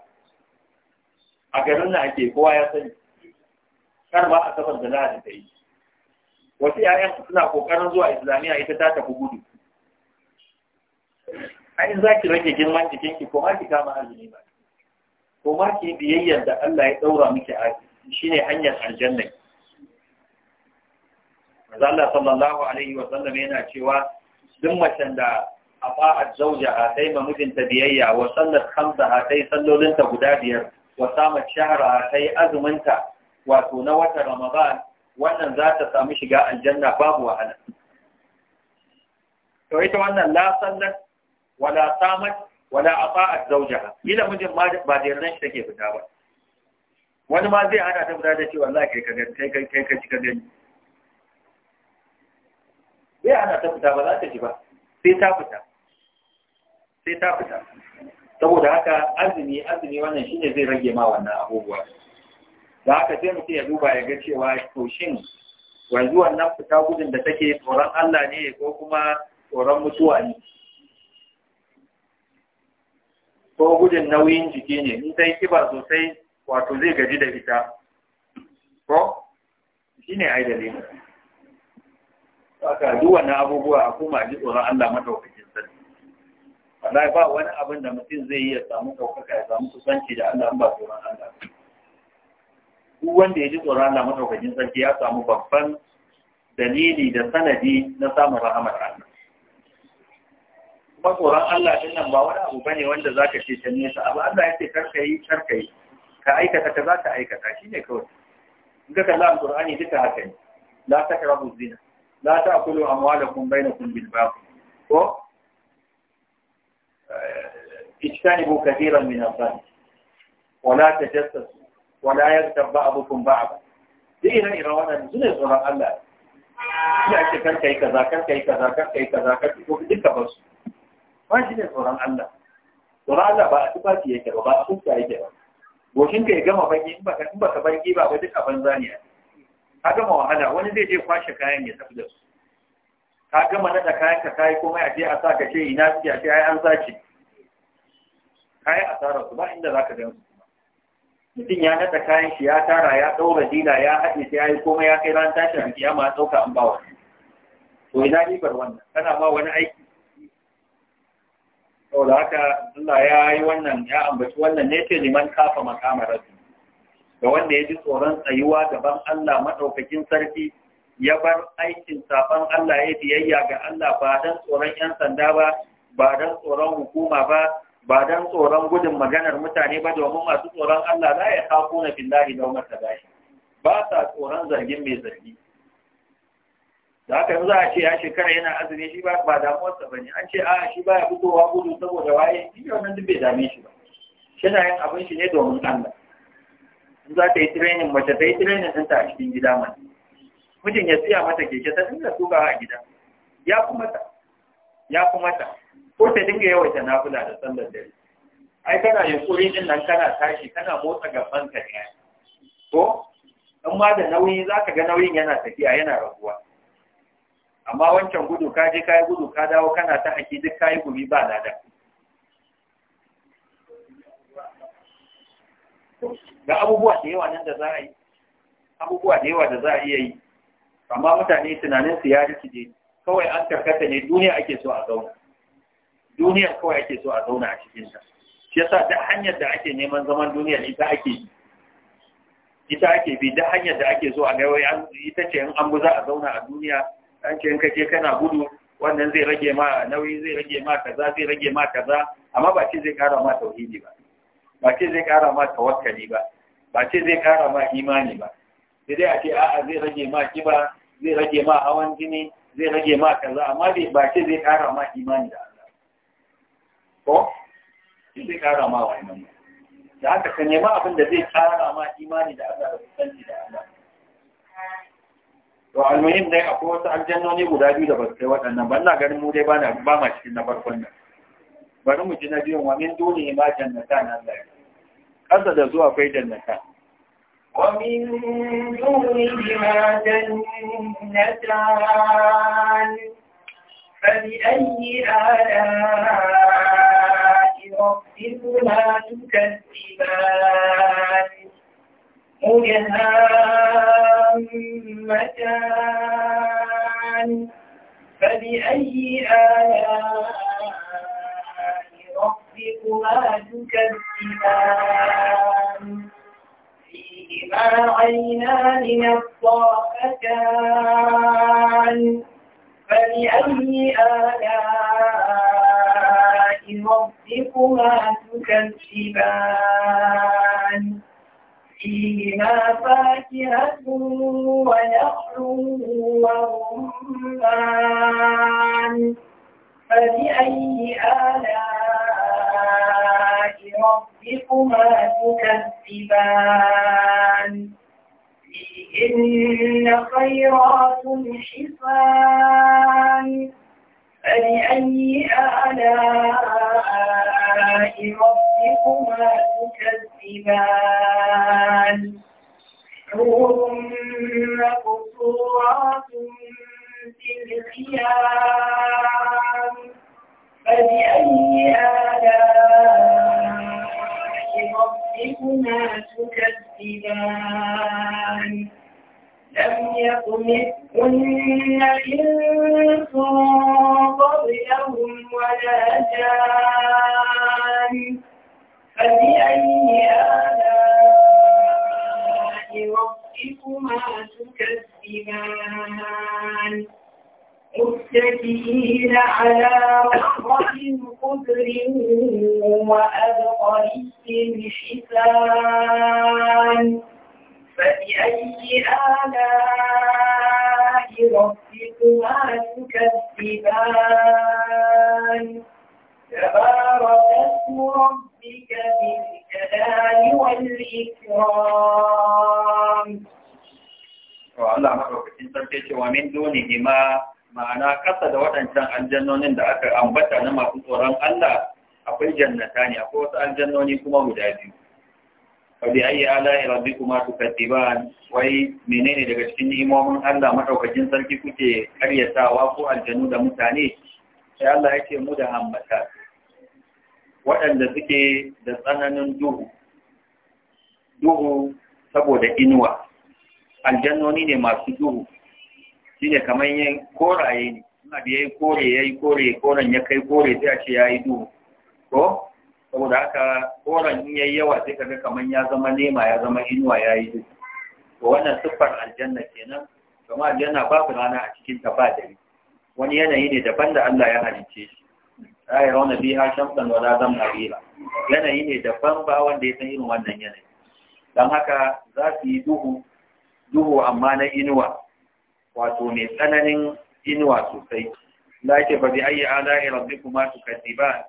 a garin na ake kowa ya sani kar ba a sabar da lahadi ta yi wasu 'ya'yan suna kokarin zuwa islamiyya ita ta tafi gudu a in za ki rage girman jikinki ko ma ki kama azumi ba ko ma ki biyayyar da Allah ya ɗaura miki aji. ne hanyar aljannai? manzo Allah sallallahu alaihi wa sallam yana cewa duk macen da afa'at zawjaha sai ma mijinta biyayya wa sallat khamsaha sai sallolinta guda biyar wa samat shahraha sai azuminta wato na wata Ramadan wannan za ta samu shiga aljanna babu wahala to ita wannan la sallat wala samat wala afa'at zawjaha ila mijin ma ba da yardan shi take fita ba wani ma zai hana ta fita da cewa za ka kai kai kai ka gani zai hana ta fita ba za ta ji ba sai ta fita sai ta fita saboda haka azumi azumi wannan shine zai rage ma wannan abubuwa da haka sai mutum ya duba ya ga cewa to shin yanzu wannan fita gudun da take tsoron Allah ne ko kuma tsoron mutuwa ne ko gudun nauyin jiki ne in sai kiba sosai wato zai gaji da ita ko shine ai dalilin aka duk wannan abubuwa a kuma ji tsoron Allah madaukakin sarki wallahi ba wani abin da mutum zai yi ya samu ɗaukaka ya samu kusanci da Allah ba tsoron Allah duk wanda ya ji tsoron Allah madaukakin sarki ya samu babban dalili da sanadi na samun rahamar Allah kuma tsoron Allah din nan ba wani abu bane wanda zaka ce ta nesa abu Allah ya ce yi karka yi ka aikata ka za ta aikata shi ne kawai in ka kalla alqur'ani duka haka ne la taqrabu zina la ta'kulu amwalakum bainakum bil batil ko اجتنبوا كثيرا من الظن ولا تجسسوا ولا يغتب بعضكم بعضا دينا إلى وانا نزل tsoron Allah. ina ce kar kai kaza kar kai kaza kar kai kaza kar ko duka ba su ba shi ne tsoron Allah tsoron Allah ba a tufafi yake ba ba a kuka yake ba goshin ka ya gama bangi in baka in baka ba ba duk a banza ne ka gama wahala wani zai je kwashe kayan ya tafi da su ka gama nada kayan ka kai komai a je a sa ka ce ina suke a ce ai an sace kai asara su ba inda zaka gan su mutum ya nada kayan shi ya tara ya daura dila ya haɗe sai ya yi komai ya kai ran tashin kiyama ya dauka an ba wani to ina ribar wannan kana ma wani aiki saboda haka Allah ya yi wannan ya ambaci wannan ne ce liman kafa makama rasu. ga wanda ya ji tsoron tsayuwa gaban Allah maɗaukakin sarki ya bar aikin safan Allah ya biyayya ga Allah ba don tsoron yan sanda ba ba don tsoron hukuma ba ba don tsoron gudun maganar mutane ba domin masu tsoron Allah za ya kafu na billahi da umar ba sa tsoron zargin mai zargi da aka yanzu za a ce ya shekara yana azumi shi ba damuwarsa ba ne an ce a shi ba ya fitowa gudu saboda waye shi wannan duk bai dame shi ba Shi na yin abin shi ne domin Allah in za ta yi tirenin mace ta yi tirenin ta a cikin gida mana mijin ya siya mata keke ta dinga tuka a gida ya fi mata ya fi mata ko ta dinga yawaita nafula da sallar dare ai kana yunkuri din nan kana tashi kana motsa gaban ka ne ko in ma da nauyi za ka ga nauyin yana tafiya yana raguwa amma wancan gudu ka je ka yi gudu ka dawo kana ta haki duk ka yi gumi ba lada ga abubuwa da yawa nan da za a yi abubuwa da yawa da za a iya yi amma mutane tunanin su ya rikide kawai an karkata ne duniya ake so a zauna duniya kawai ake so a zauna a cikin ta shi yasa da hanyar da ake neman zaman duniya ita ake ita ake bi da hanyar da ake so a ga wai ita ce in an buza a zauna a duniya an ce kake kana gudu wannan zai rage ma nauyi zai rage ma kaza zai rage ma kaza amma ba ce zai kara ma tauhidi ba ba ce zai kara ma tawakkali ba ba ce zai kara ma imani ba sai dai a ce a'a zai rage ma kiba zai rage ma hawan jini zai rage ma kaza amma ba ce zai kara ma imani da Allah ko zai kara ma wannan da haka ka nema abin da zai kara ma imani da Allah da kusanci da Allah to almuhim dai akwai wasu aljannoni guda biyu da ba kai waɗannan ba ina ganin mu dai ba ba ma cikin na farkon nan bari mu ji na biyun wa min dunihi ma na Allah kasa da zuwa akwai jannatan ومن دونهما جنتان فبأي آلاء ربكما تكذبان مجهان مكان فبأي آلاء ربكما تكذبان فيهما عينان نضافتان فبأي آلاء ربكما تكذبان فيها فاكهة ونخل ورمان فبأي آلاء ربكما تكذبان فيهن خيرات حسان فبأي آلاء ربكما ربكما تكذبان حور مقصورات في الخيام فبأي آلاء ربكما تكذبان لم يطمثهن إنس قبلهم ولا جان فبأي آلاء ربكما تكذبان متكئين على رفرف خضر وأبقري حسان فبأي آلاء ربكما تكذبان تبارك اسم ربك ربك ذي الجلال والإكرام Allah maɗaukacin min duni hima ma'ana kasa da waɗancan aljannonin da aka ambata na masu tsoron Allah akwai jannata ne akwai wasu aljannoni kuma guda biyu. Fabi ayi ala irabbi kuma su wai menene daga cikin ni'imomin Allah maɗaukacin sarki kuke karyatawa ko aljanu da mutane sai Allah ya ce mu da hambata. waɗanda suke da tsananin duhu duhu saboda inuwa aljannoni ne masu duhu Shi kamar yin koraye ne suna da yi kore yayi kore koren ya kai kore sai a ce yi duhu ko saboda haka koren in yayi yawa sai kaga kamar ya zama nema ya zama inuwa ya yi duhu Ko wannan siffar aljanna kenan kamar aljanna babu rana a cikin ta ba dare wani yanayi ne daban da Allah ya halicce shi la yarawna biha shamsan wa zamna biha yanayi ne daban ba wanda ya san irin wannan yanayi dan haka za su yi duhu duhu amma na inuwa wato mai tsananin inuwa sosai la ke ba bi ayi ala rabbikuma ba.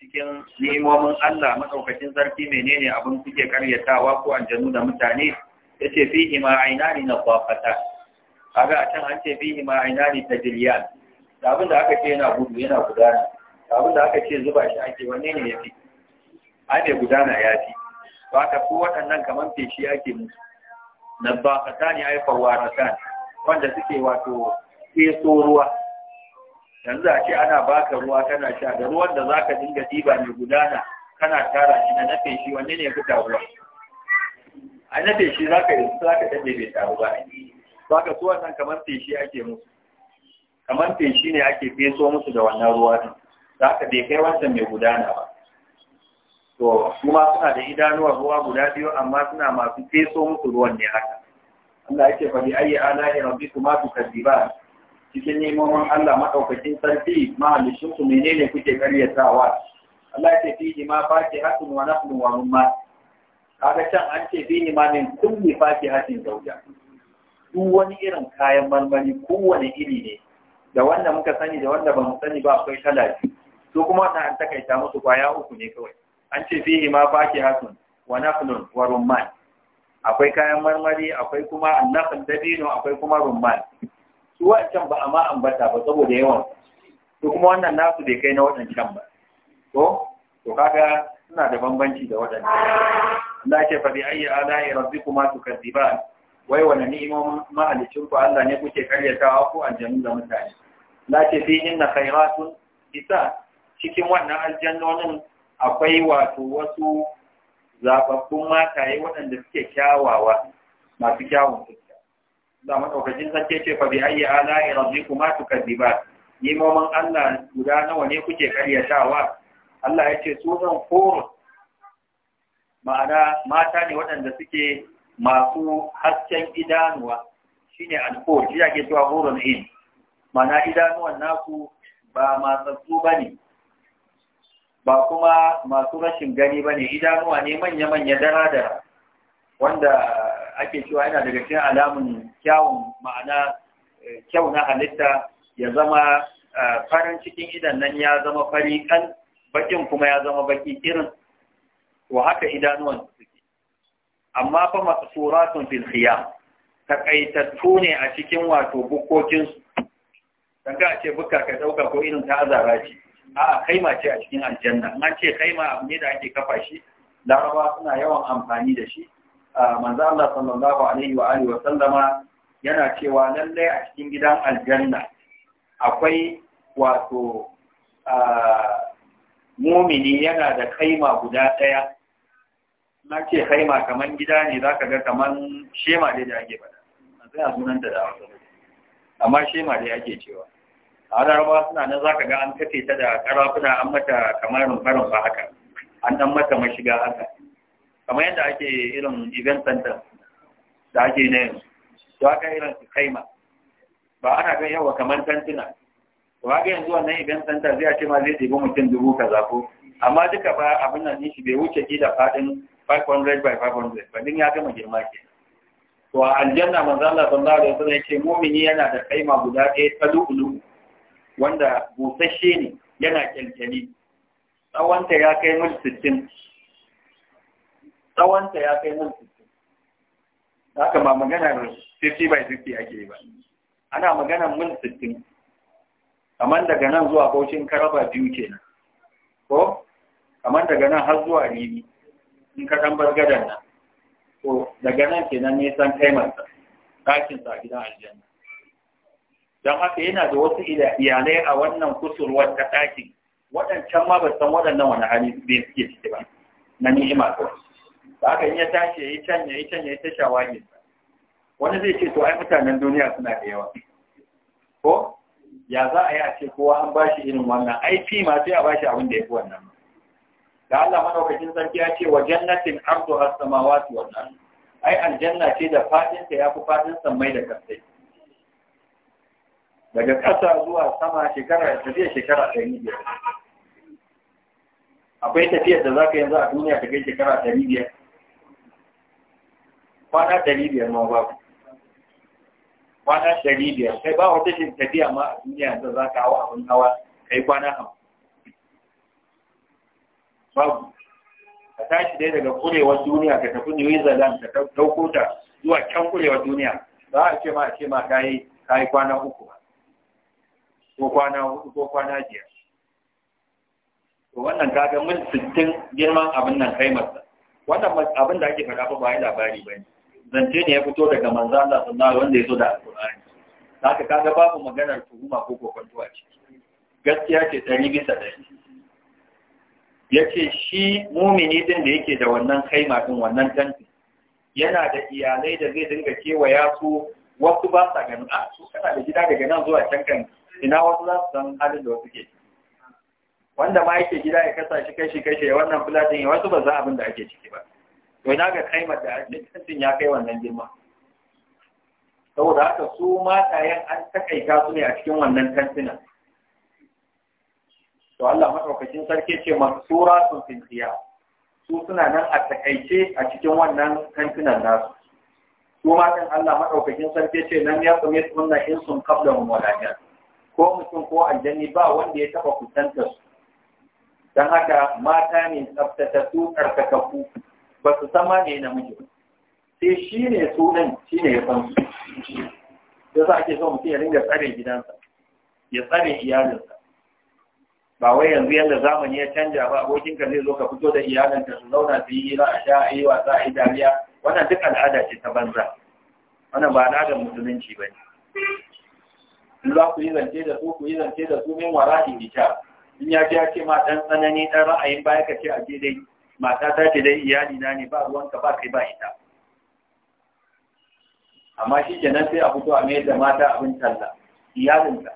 cikin ni'imomin Allah madaukakin sarki menene abin kuke karyatawa ko aljanu da mutane yace fihi ma ainani na qafata kaga a can an ce fihi ma ainani tajliyan da abin da aka ce yana gudu yana gudana abin da aka ce zuba shi ake wanne ne ya fi ai mai gudana ya fi Ba ka ko waɗannan kamar feshi ake musu na ba ka wara ai ne wanda suke wato feso ruwa yanzu a ce ana baka ruwa kana sha da ruwan da zaka dinga diba mai gudana kana tara shi na nafe shi wanne ne ya fi taruwa a nafe shi zaka yi zaka dade bai taru ba Ba ka so wannan kamar feshi ake musu kamar feshi ne ake feso musu da wannan ruwa din da aka bai kai wancan mai gudana ba to kuma suna da idanuwa ruwa guda biyu amma suna masu feso musu ruwan ne haka Allah yake ya bi kuma su rabbikuma ba. cikin neman Allah madaukakin sarki mahallicin menene kuke karyatawa Allah yake fihi ma fakihatun wa naflun wa A kaga can an ce fihi ma min kulli hatin zauja. duk wani irin kayan marmari kowane iri ne da wanda muka sani da wanda ba mu sani ba akwai kala su kuma wannan an takaita musu kwaya uku ne kawai an ce fihi ma faki hasun wa naflun wa rumman akwai kayan marmari akwai kuma annafin dabino akwai kuma rumman su wancan ba a ma ambata ba saboda yawan su kuma wannan nasu bai kai na waɗancan ba to to kaga suna da bambanci da waɗancan Allah ce fa bi ayyi ala'i rabbikuma tukadziban wai wani ni'imomin mahalicin ku Allah ne kuke karyatawa ko aljanu da mutane ya ce fi inna khairatun isa cikin wannan aljannonin akwai wato wasu zababbun mataye waɗanda suke kyawawa masu kyawun fuska da madaukakin sarki ce fa bi kuma su rabbikuma tukadziban nemomin Allah guda nawa ne kuke karyatawa Allah ya ce sunan koro ma'ana mata ne waɗanda suke masu hasken idanuwa ne alkohol, shi ake cewa horon in ma'ana idanuwan naku ba matsatsu ba ne ba kuma masu rashin gani ba ne idanuwa ne manya-manya dara-dara wanda ake cewa yana daga cikin alamun kyawun ma'ana eh, kyau na halitta ya zama eh, farin cikin idan nan ya zama fari kan bakin kuma ya zama baki irin wa haka idanuwan suke amma fa masuratun suratun fil khiyam takaitattu ne a cikin wato bukokin su dan ka ce bukka ka dauka ko irin ta azara ce a'a kaima ce a cikin aljanna an ce kaima abu ne da ake kafa shi laraba suna yawan amfani da shi manzo Allah sallallahu alaihi wa alihi wa sallama yana cewa lallai a cikin gidan aljanna akwai wato mumini yana da kaima guda ɗaya na ce kaima kaman gida ne za ka ga kaman shema dai da ake faɗa a sunan da da amma shema dai ake cewa a larabawa suna nan zaka ga an kace ta da karafuna an mata kamar rumfarin ba haka an dan mata mashiga haka kamar yadda ake irin event center da ake na yanzu to haka irin su kaima ba ana ga yawa kamar tantuna to haka yanzu wannan event center zai ce ma zai ɗebi mutum dubu ka zafo amma duka ba abin nan shi bai wuce da faɗin 500 by 500 ba din ya gama girma ke. to a aljanna manzo Allah sallallahu alaihi wasallam yake mu'mini yana da kaima guda ɗaya ta lu'ulu wanda busasshe ne yana kyalkyali tsawonta ya kai mil sittin tsawonta ya kai mil sittin aka ba maganar 50 by 50 ake yi ba ana maganar mil sittin kamar daga nan zuwa baucin karaba biyu kenan ko kamar daga nan har zuwa ribi in ka ɗan bargadan nan Ko daga nan kenan nisan kai masa ɗakin sa gidan aljanna don haka yana da wasu iyalai a wannan kusurwar ta ɗakin waɗancan ma ba san waɗannan wani hali bai suke ciki ba na ni'ima ko da haka in ya tashi ya yi can ya yi can ya yi ta shawagi wani zai ce to ai mutanen duniya suna da yawa ko ya za a yi a ce kowa an ba shi irin wannan ai fi ma sai a ba shi abin da ya fi wannan da Allah madaukakin sarki ya ce wa jannatin ardu as-samawati ard ai aljanna ce da fadin ta yafi fadin sammai da kasai daga ƙasa zuwa sama shekara tafiya shekara ɗari biyar akwai tafiyar da za ka yanzu a duniya ta kai shekara ɗari biyar kwana ɗari biyar ma babu kwana ɗari biyar sai ba wata shi tafiya ma a duniya yanzu za ka hawa abin hawa ka yi kwana hamsin babu ka tashi dai daga kurewar duniya ka tafi new zealand ka ɗauko ta zuwa can kurewar duniya za a ce ma a ce ma ka yi kwana uku ba ko kwana hudu ko kwana biyar to wannan ga mil sittin girman abin nan kai masa wannan abin da ake faɗa ba ya labari ba ne zance ne ya fito daga manzo Allah sallallahu wanda ya zo da alƙur'ani haka kaga babu maganar tuhuma ko kokonto a ciki gaskiya ce ɗari bisa ɗari ya ce shi mumini din da yake da wannan kai din wannan tantin yana da iyalai da zai dinga kewaya su wasu ba sa ganin a ah, su kana da gida daga nan zuwa can kanka. ina wasu za su san halin da wasu ke wanda ma yake gida ya kasa shi shi kai shi wannan filatin ya wasu ba za abin da ake ciki ba to ina ga kaimar da littafin ya kai wannan girma saboda haka su matayen an takaita su ne a cikin wannan kantinan to Allah madaukakin sarki ce masu tura sun fintiya su suna nan a takaice a cikin wannan kantinan nasu su kan Allah madaukakin sarki ce nan ya su wannan in sun qabla mu wala ko mutum ko aljanni ba wanda ya taba kusantar su don haka mata ne su karkatakku ba su sama ne namiji sai shi ne sunan shi ne ya san su ya sa ake so mutum ya ringa tsare gidansa ya tsare iyalinsa ba wai yanzu yadda zamani ya canja ba abokinka zai zo ka fito da iyalinka su zauna su yi hira a sha a yi wasa a yi dariya wannan duk al'ada ce ta banza wannan ba al'adar musulunci ba ne za ku yi zance da su ku yi zance da su min wara in gisha in ya ce ya ce ma ɗan tsanani ɗan ra'ayin baya ka ce a ce dai mata ta ce dai iyali na ne ba ruwanka ba kai ba ita amma shi ke nan sai a fito a mai da mata abin talla iyalinka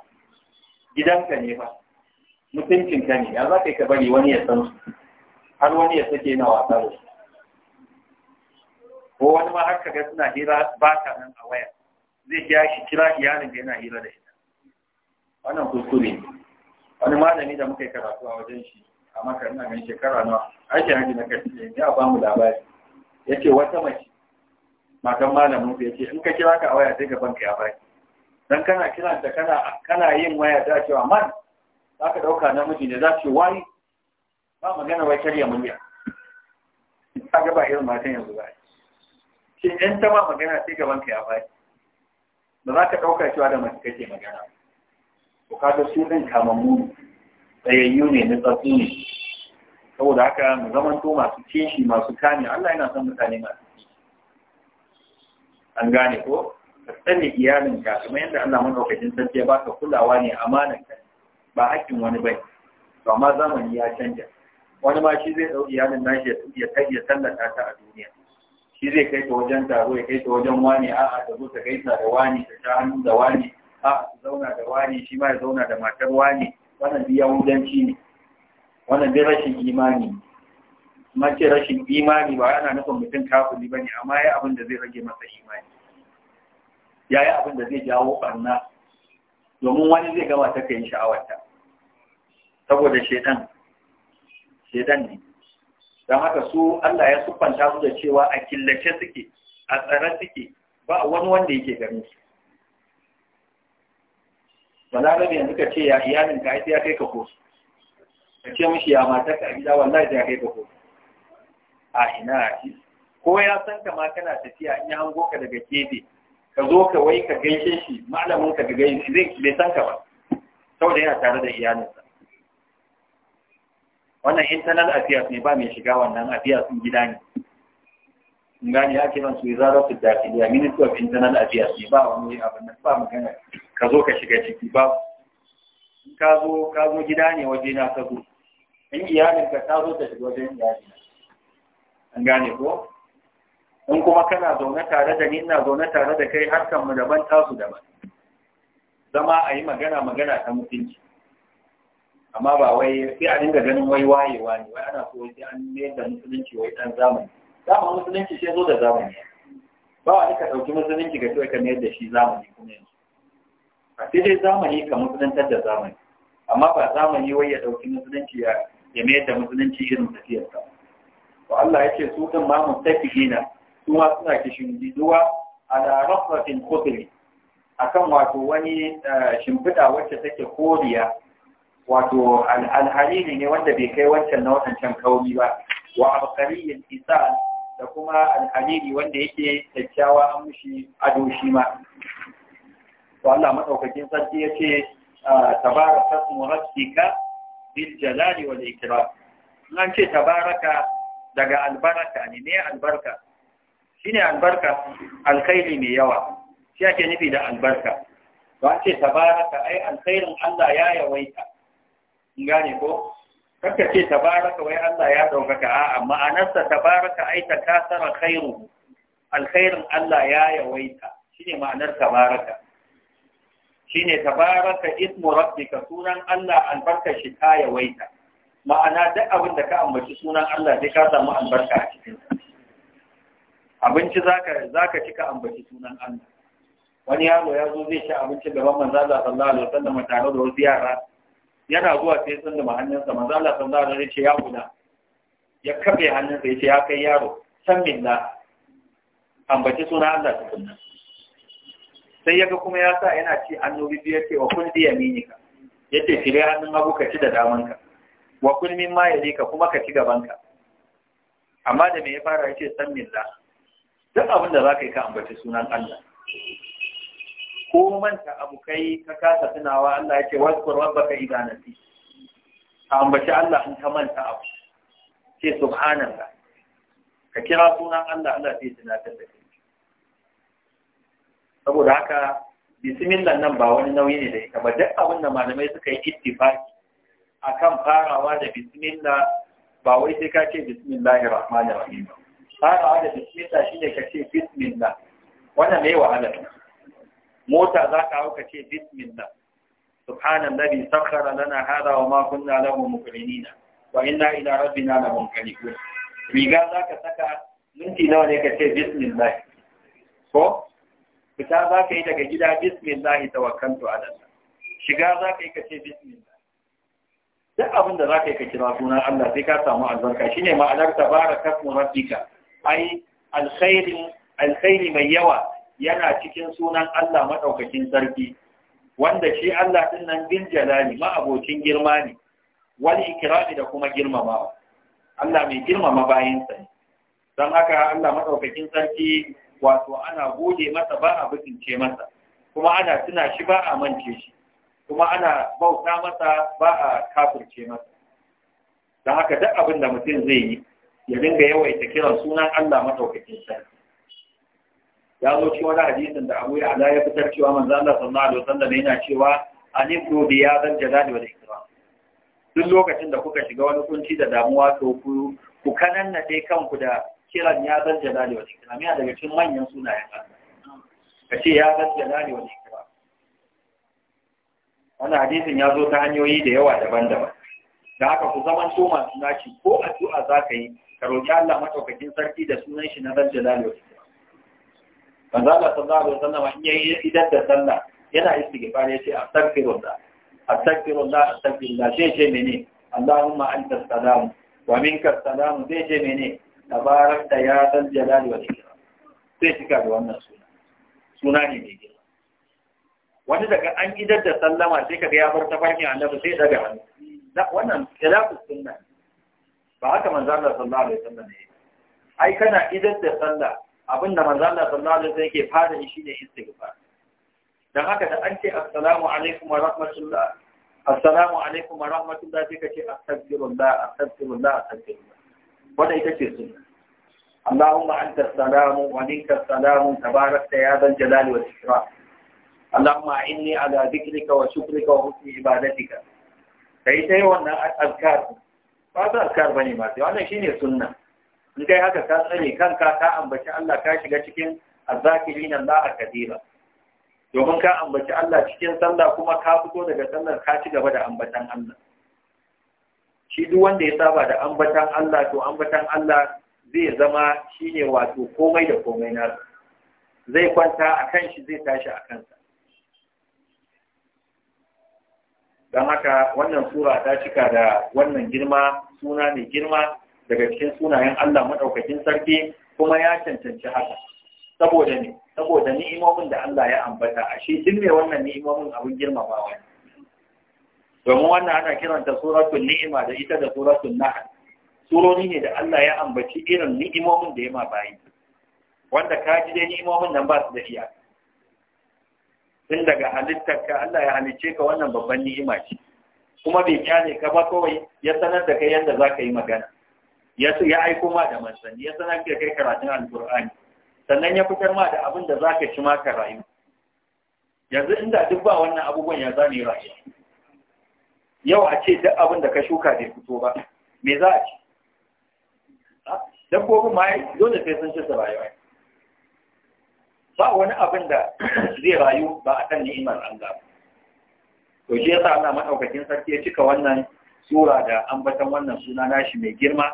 gidanka ne ba mutuncinka ne ya za ka yi ka bari wani ya san har wani ya sake na wasa da ko wani ma har ga suna hira ba ta nan a waya zai ja shi kira iyalin da yana hira da shi wannan kuskure ne wani malami da muka yi karatu a wajen shi a maka ina ganin shekara na aiki haji na kashi ne ya ba mu labari ya ce wata mace matan malamin ya ce in ka kira ka a waya sai gaban ka ya baki dan kana kiranta kana kana yin waya da cewa man za ka ɗauka namiji ne za ce wani ba magana wai karya murya ta gaba irin matan yanzu ba shi in ta ma magana sai gaban ka ya baki ba za ka dauka cewa da mace kake magana ba Bukatar kaga su din kamammu tsayayyu ne na tsatsu ne saboda haka mu zamanto masu kishi masu kame Allah yana son mutane masu kishi an gane ko ka tsane iyalinka kamar yadda Allah mun madaukakin sarki ba ka kulawa ne amanar ka ba hakkin wani bai to amma zamani ya canja wani ma shi zai ɗauki iyalin nashi ya ya tallata ta a duniya shi zai kai ta wajen taro ya kai ta wajen wani a'a ta zo ta gaisa da wani ta sha hannu da wani a zauna da wani shi ma ya zauna da matar wani wannan biya yahudanci ne wannan bi rashin imani ne kuma ce rashin imani ba yana nufin mutum ba ne, amma ya abin da zai rage masa imani ya yi abin da zai jawo barna domin wani zai gama ta kai sha'awarta saboda shaidan shaidan ne don haka su Allah ya siffanta su da cewa a killace suke a tsare suke ba wani wanda yake ganin su balarabe yanzu ka ce ya iyalin ka ya kai ka kotu ka ce mishi ya matar ka gida wallahi ya kai ka kotu a ina shi ko ya san ka ma kana tafiya in ya hango ka daga gefe ka zo ka wai ka gaishe shi malamin ka daga zai bai san ka ba saboda yana tare da iyalinsa wannan internal affairs ne ba mai shiga wannan affairs din gida ne in gane ya kiran su wizaratu dakiliya ministry of internal affairs ne ba wani abin nan ba magana ka zo ka shiga ciki ba ka zo ka zo gida ne waje na ka zo in iyalin ka ta zo ta shiga wajen iyalin an gane ko in kuma kana zaune tare da ni ina zaune tare da kai harkan mu daban tasu daban zama a yi magana magana ta mutunci amma ba wai sai a dinga ganin wai wayewa ne wai ana so sai an mayar da musulunci wai dan zamani dama musulunci sai zo da zamani ba wani ka ɗauki musulunci ga kawai ka mayar da shi zamani kuma yanzu sai dai zamani ka musulantar da zamani amma ba zamani wai ya ɗauki musulunci ya mayar da musulunci irin tafiyarsa to Allah ya ce su kan ma mustaqihina su ma suna kishin duwa ala rafratin khudri akan wato wani eh, shimfiɗa wacce take koriya wato alhalini ne wanda bai kai wancan na wancan kauri ba wa abqariyin isan da kuma alhalini wanda yake kyakkyawa an mushi ado shi ma to Allah madaukakin sarki yace ah, tabaraka mu rabbika bil jalali wal ikram nan ce tabaraka daga albaraka ne ne albarka shine albarka alkhairi mai yawa shi ake nufi da albarka to an ce tabaraka ai alkhairin Allah ya yawaita gane ko kaka ce tabaraka wai Allah ya daukaka a'a ma'anarsa tabaraka ai ta kasara khairu alkhairin Allah ya yawaita shine ma'anar tabaraka Shi ne tabaraka ismu rabbika sunan Allah albarka shi ta yawaita ma'ana duk abin da ka ambaci sunan Allah sai ka samu albarka a cikin abinci zaka zaka cika ambaci sunan Allah wani yaro ya zo zai ci abinci gaban manzo Allah sallallahu alaihi wasallam tare da wasu yara yana zuwa sai sun da hannunsa manzo Allah sallallahu alaihi wasallam ya ce ya kula ya kafe hannunsa ya ce ya kai yaro san na ambaci sunan Allah tukunna sai yaga kuma ya sa yana ci annobi biyar ce wa kun diya minika yace fire hannun hagu ka ci da damanka wa kun min ma ka kuma ka ci gabanka amma da me ya fara yace san za. duk abin da zaka yi ka ambaci sunan Allah ko manta abu kai ka kasa tunawa Allah yace wazkur rabbaka idza nasi ka ambaci Allah in ka manta abu ce subhanallah ka kira sunan Allah Allah zai tunatar da kai saboda haka bismillah nan ba wani nauyi ne da ita ba duk abin da malamai suka yi ittifaki akan farawa da bismillah ba wai sai ka ce bismillahir rahmanir rahim farawa da bismillah shine ka ce bismillah wannan ne wahala mota za ka hau ka ce bismillah subhanallazi sakhkhara lana hada wa ma kunna lahu muqrinin wa inna ila rabbina munqalibun riga za ka saka minti nawa ne ka ce bismillah ko fita za ka yi daga gida bismillah tawakkaltu a shiga za ka yi ka ce bismillah duk abin da za ka yi ka kira sunan Allah sai ka samu albarka shine ma'anar tabaraka ismu rabbika ai alkhairi mai yawa yana cikin sunan Allah madaukakin sarki wanda shi Allah din nan bin jalali ma abocin girma ne wal ikrami da kuma girmamawa Allah mai girmama bayansa ne don haka Allah madaukakin sarki wato ana gode masa ba a bisince masa kuma ana tuna shi ba a mance shi kuma ana bauta masa ba a kafirce masa da haka duk abin da mutum zai yi ya dinga yawaita kiran sunan Allah madaukakin sarki ya zo ci wani hadisin da Abu Ya'la ya fitar cewa manzo Allah sallallahu alaihi wasallam yana cewa anin ko bi ya zan jalali wa ikram duk lokacin da kuka shiga wani kunci da damuwa to ku ku kananna dai kanku da kiran ya zan jalali wa ikram miya daga cikin manyan sunayen Allah ce ya zan jalali wa ikram wannan hadisin ya zo ta hanyoyi da yawa daban-daban da haka ku zaman to masu naci ko a addu'a za ka yi ka roƙi Allah madaukakin sarki da sunan shi na zan jalali wa ikram manzo Allah sallallahu alaihi wasallam in yayi idan da sallah yana istighfar yace astaghfirullah astaghfirullah astaghfirullah sai ce mene Allahumma anta salam wa minka salam zai ce mene Tabarar da ya san jalali wa ikram sai cika da wannan suna suna ne mai girma wani daga an idar da sallama sai kaga ya bar tafarkin annabi sai daga hannu wannan khilafu sunna ba haka manzo Allah sallallahu alaihi wasallam ne ai kana idar da sallah abinda manzo Allah sallallahu alaihi wasallam yake fara shi ne istighfar dan haka da an ce assalamu alaikum wa rahmatullah assalamu alaikum wa rahmatullah sai kace astaghfirullah astaghfirullah astaghfirullah wata ita ce su. Allahumma anta salamu wa minka salamu tabarakta ya zan jalali wa shukra. Allahumma inni ala zikrika wa shukrika wa husni ibadatika. Kai yi wannan azkar. Ba za azkar bane ma sai wannan shine sunna. In kai haka ka sani kan ka ka ambaci Allah ka shiga cikin azzakirin Allah a kadira. Domin ka ambaci Allah cikin sallah kuma ka daga sallar ka ci gaba da ambatan Allah. shi duk wanda ya saba da ambatan Allah to ambatan Allah zai zama shine wato komai da komai na zai kwanta a kan shi zai tashi a kansa don haka wannan sura ta cika da wannan girma suna mai girma daga cikin sunayen Allah maɗaukacin sarki kuma ya cancanci haka saboda ne saboda ni'imomin da Allah ya ambata ashe duk mai wannan ni'imomin abin girmamawa ne domin wannan ana kiranta suratul ni'ima da ita da suratul nahl suroni ne da Allah ya ambaci irin ni'imomin da ya ma bayi wanda ka ji dai ni'imomin nan ba su da iya tun daga halittarka Allah ya halicce ka wannan babban ni'ima ce kuma bai kyale ka ba kawai ya sanar da kai yadda za ka yi magana ya ya aiko ma da manzanni ya sanar da kai karatun alkur'ani sannan ya fitar ma da abin da za ka ci ma ka rayu yanzu inda duk ba wannan abubuwan ya zame rayuwa yau a ce duk abin da ka shuka bai fito ba me za a ci dabbobin ma dole sai sun ci su rayuwa ba wani abin da zai rayu ba a kan ni'imar ga to shi yasa Allah madaukakin sarki ya cika wannan sura da ambatan wannan suna nashi mai girma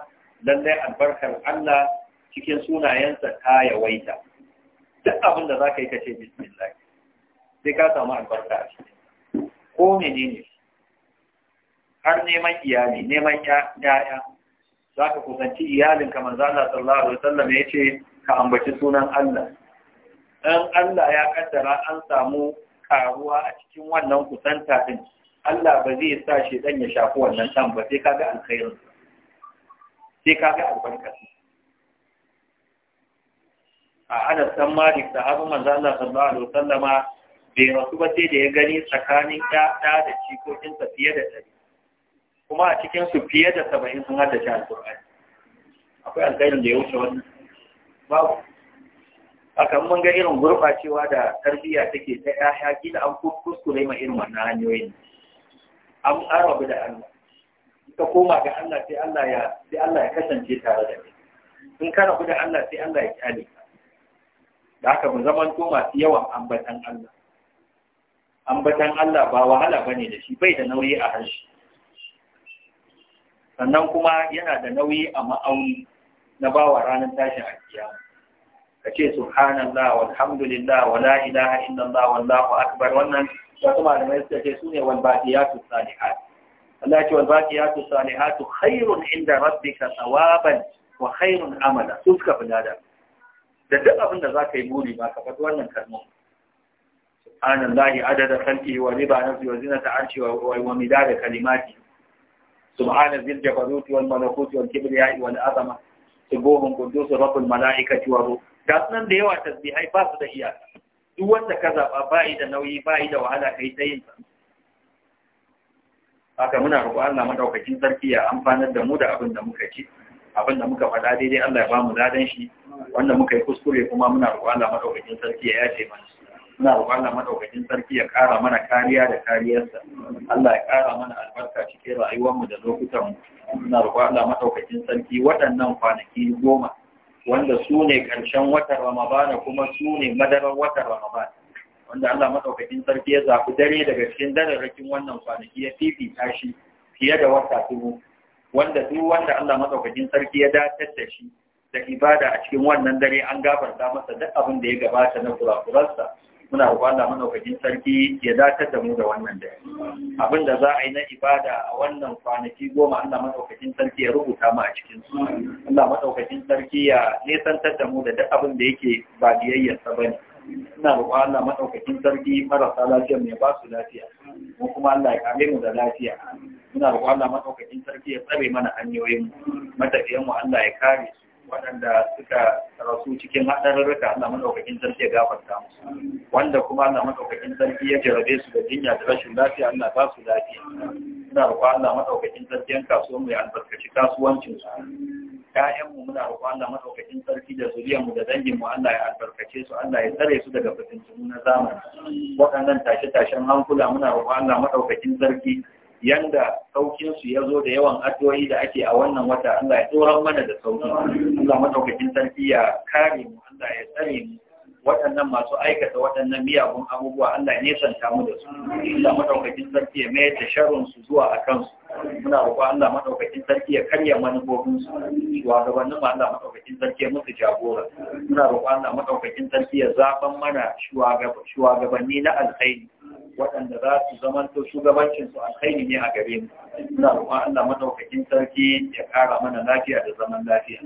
lallai albarkar Allah cikin sunayensa ta yawaita duk abin da ka yi kace bismillah sai ka samu albarka a cikin ko menene har neman iyali neman 'ya'ya za ka kusanci iyalin ka manzo Allah sallallahu alaihi wasallam ya ce ka ambaci sunan Allah in Allah ya kaddara an samu karuwa a cikin wannan kusanta din Allah ba zai sa shi dan ya shafi wannan dan ba sai kaga alkhairin sai kaga albarka a Anas dan Malik sahabu manzo Allah sallallahu alaihi wasallama bai rasu ba sai da ya gani tsakanin ya da cikokinsa fiye da ɗari kuma a cikin su fiye da saba'in sun hada shi alƙur'ani akwai alƙairin da ya wuce wannan babu kan mun ga irin gurɓacewa da tarbiyya take ta ƴaƴa da an kuskure ma irin wannan hanyoyin an arabu da Allah ka koma ga Allah sai Allah ya sai Allah ya kasance tare da kai in ka rabu da Allah sai Allah ya kyale ka da haka mu zaman to masu yawan ambatan Allah ambatan Allah ba wahala bane da shi bai da nauyi a harshe sannan kuma yana da nauyi a ma'auni na bawa ranar tashin alkiyama ka ce subhanallah walhamdulillah wala ilaha illallah wallahu akbar wannan kuma da suka ce sune wal baqiyatu salihat Allah ya ce wal baqiyatu salihatu khairun inda rabbika thawaban wa khairun amala su suka fi lada da duk abin da zaka yi buri ba ka faɗi wannan kalmar subhanallahi adada khalqi wa riba nafsi wa zinata arshi wa midada kalimati سبحان ذي الجبروت والملكوت والكبرياء والعظمة سبوه قدوس رب الملائكة وروح كاسنا ديوا تسبيحي باس دهيا duk wanda ka zaɓa bayi da nauyi bayi da wahala kai ta haka muna roƙo Allah madaukakin sarki ya amfanar da mu da abin da muka ci abin da muka faɗa daidai Allah ya ba mu ladan shi wanda muka yi kuskure kuma muna roƙo Allah madaukakin sarki ya yace mana muna roƙon Allah madaukakin sarki ya ƙara mana kariya da kariyarsa Allah ya ƙara mana albarka cikin rayuwarmu da lokutan Ina roƙon Allah madaukakin sarki waɗannan kwanaki goma wanda su ne ƙarshen watan Ramadana kuma su ne madarar watan Ramadana wanda Allah madaukakin sarki ya zafi dare daga cikin dararrakin wannan kwanaki ya fifita shi fiye da wata dubu wanda duk wanda Allah madaukakin sarki ya dace da shi da ibada a cikin wannan dare an gafarta masa duk abin da ya gabata na kurakurarsa muna roƙon madaukakin sarki ya dakatar da mu da wannan da abin da za a yi na ibada a wannan kwanaki goma Allah madaukakin sarki ya rubuta mu a cikin su Allah madaukakin sarki ya nesantar da mu da duk abin da yake ba biyayyarsa ba bane ina roƙon Allah madaukakin sarki marasa lafiya mai ba su lafiya mu kuma Allah ya kame mu da lafiya muna roƙon Allah madaukakin sarki ya tsare mana hanyoyin mu matafiyan mu Allah ya kare su waɗanda suka rasu cikin haɗarin rika, Allah maɗaukakin sarki ya gafarta musu wanda kuma Allah maɗaukakin sarki ya jarabe su da jinya da rashin lafiya Allah ba su lafiya muna roƙon Allah maɗaukakin sarki yan kasuwan mu ya albarkaci kasuwancin su ƴaƴanmu muna roƙon Allah maɗaukakin sarki da zuriyarmu da danginmu Allah ya albarkace su Allah ya tsare su daga fitintunu na zamani waɗannan tashe-tashen hankula muna roƙon Allah maɗaukakin sarki yanda saukinsu ya zo da yawan addu'o'i da ake a wannan wata Allah ya tsoron mana da sauki Allah mataukakin sarki ya kare mu Allah ya tsare mu waɗannan masu aikata waɗannan miyagun abubuwa Allah ya nesanta mu da su Allah mataukakin sarki ya mayar da sharrin su zuwa a kansu muna roƙon Allah mataukakin sarki ya karya manufofin su wa gabanin ma Allah mataukakin sarki ya musu jagora muna roƙon Allah mataukakin sarki ya zaban mana shuwagabanni na alkhairi waɗanda za su zamanto shugabancinsu alkhairi ne a gare mu ina roƙon Allah madaukakin sarki ya ƙara mana lafiya da zaman lafiya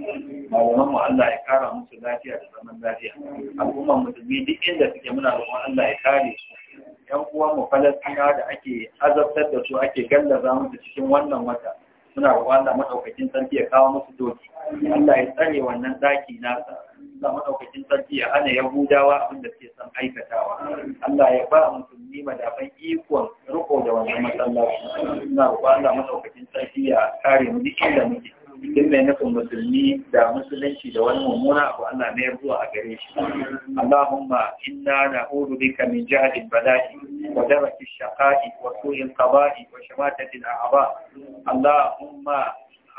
malaman mu Allah ya ƙara musu lafiya da zaman lafiya al'umman musulmi duk inda suke muna roƙon Allah ya kare su yan uwan mu falastina da ake azabtar da su ake gallaza musu cikin wannan wata muna roƙon Allah madaukakin sarki ya kawo musu doki Allah ya tsare wannan daki nasa Allah madaukakin sarki ya hana Yahudawa abin da suke son aikatawa Allah ya ba musulmi madafan ikon riko da wannan masallaci ina roƙon Allah madaukakin sarki ya kare mu duk inda muke duk mai nufin musulmi da musulunci da wani mummuna abu Allah mai zuwa a gare shi Allahumma inna na'udhu bika min jahdi balai wa daraki ash-shaqa'i wa su'i wa shamatatin a'aba. Allahumma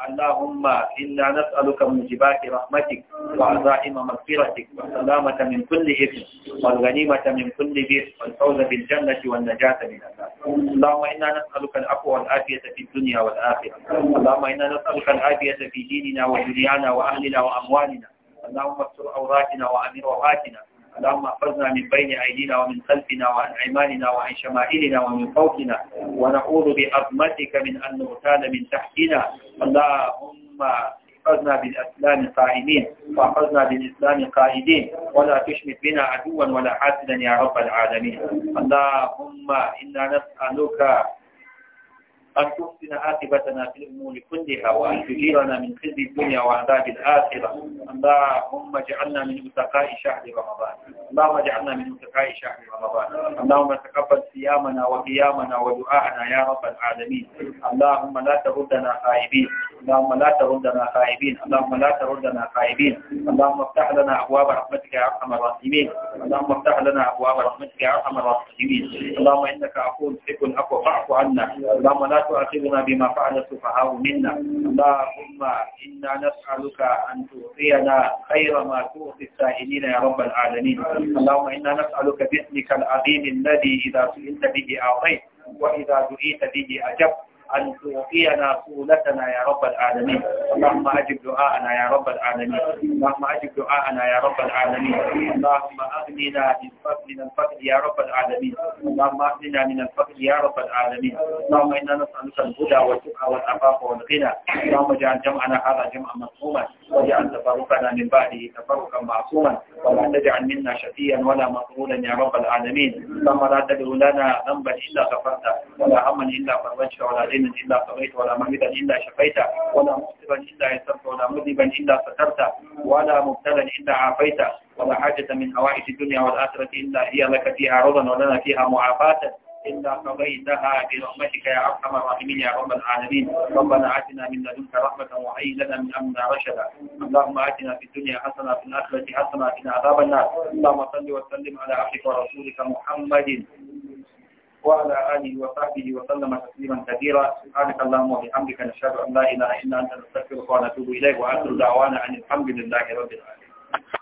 اللهم إنا نسألك موجبات رحمتك وعزائم مغفرتك والسلامة من كل إثم والغنيمة من كل بر والفوز بالجنة والنجاة من النار اللهم إنا نسألك العفو والعافية في الدنيا والآخرة اللهم إنا نسألك العافية في ديننا ودنيانا وأهلنا وأموالنا اللهم استر عوراتنا وأمر رواتنا اللهم احفظنا من بين أيدينا ومن خلفنا وعن أيماننا وعن شمائلنا ومن فوقنا ونعوذ بعظمتك من أن نغتال من تحتنا اللهم واحفظنا بالإسلام قائمين واحفظنا بالإسلام قائدين ولا تشمت بنا عدوا ولا حاسدا يا رب العالمين اللهم إنا نسألك أن تحسن عاقبتنا في الأمور كلها وأن تجيرنا من خزي الدنيا وعذاب الآخرة اللهم اجعلنا من أتقاء شهر رمضان اللهم اجعلنا من أتقاء شهر رمضان اللهم تقبل صيامنا وقيامنا ودعاءنا يا رب العالمين اللهم لا تردنا خائبين اللهم لا تردنا خائبين اللهم لا تردنا خائبين اللهم افتح لنا أبواب رحمتك يا أرحم الراحمين اللهم افتح لنا أبواب رحمتك يا أرحم الراحمين اللهم إنك أقول تحب العفو فاعف عنا اللهم لا tu'akhidna bima fa'ala sufaha'u minna. Allahumma inna nas'aluka na tu'tiyana khayra ma tu'ti as-sa'ilina ya rabbal alamin. Allahumma inna nas'aluka bi ismika al-'azim alladhi idha su'ilta bihi a'tayt wa idha du'ita bihi ajabta. أن توفينا قولتنا يا رب العالمين اللهم أجب دعاءنا يا رب العالمين اللهم أجب دعاءنا يا رب العالمين اللهم أغننا من فضل من الفقر يا رب العالمين اللهم أغننا من الفقر يا رب العالمين اللهم إنا نسألك الهدى والتقى والعفاف والغنى اللهم اجعل جمعنا هذا جمعا مرحوما واجعل تفرقنا من بعده تفرقا معصوما ولا تجعل منا شفيا ولا مطرولا يا رب العالمين اللهم لا تدعو لنا ذنبا إلا غفرته ولا هما إلا فرجته ولا مضطرا إلا قضيت ولا مريضا إلا شفيت ولا مصيبا إلا يسرت ولا مذنبا إلا سترت ولا مبتلا إلا عافيت ولا حاجة من حوائج الدنيا والآخرة إلا هي لك فيها عرضا ولنا فيها معافاة إلا قضيتها برحمتك يا أرحم الراحمين يا رب العالمين ربنا آتنا من لدنك رحمة وهيئ لنا من امنا رشدا اللهم آتنا في الدنيا حسنة في الآخرة حسنة في عذاب النار اللهم صل وسلم على عبدك ورسولك محمد وعلى آله وصحبه وسلم تسليما كثيرا سبحانك اللهم وبحمدك نشهد أن لا إله إلا أنت نستغفرك ونتوب إليك وآخر دعوانا أن الحمد لله رب العالمين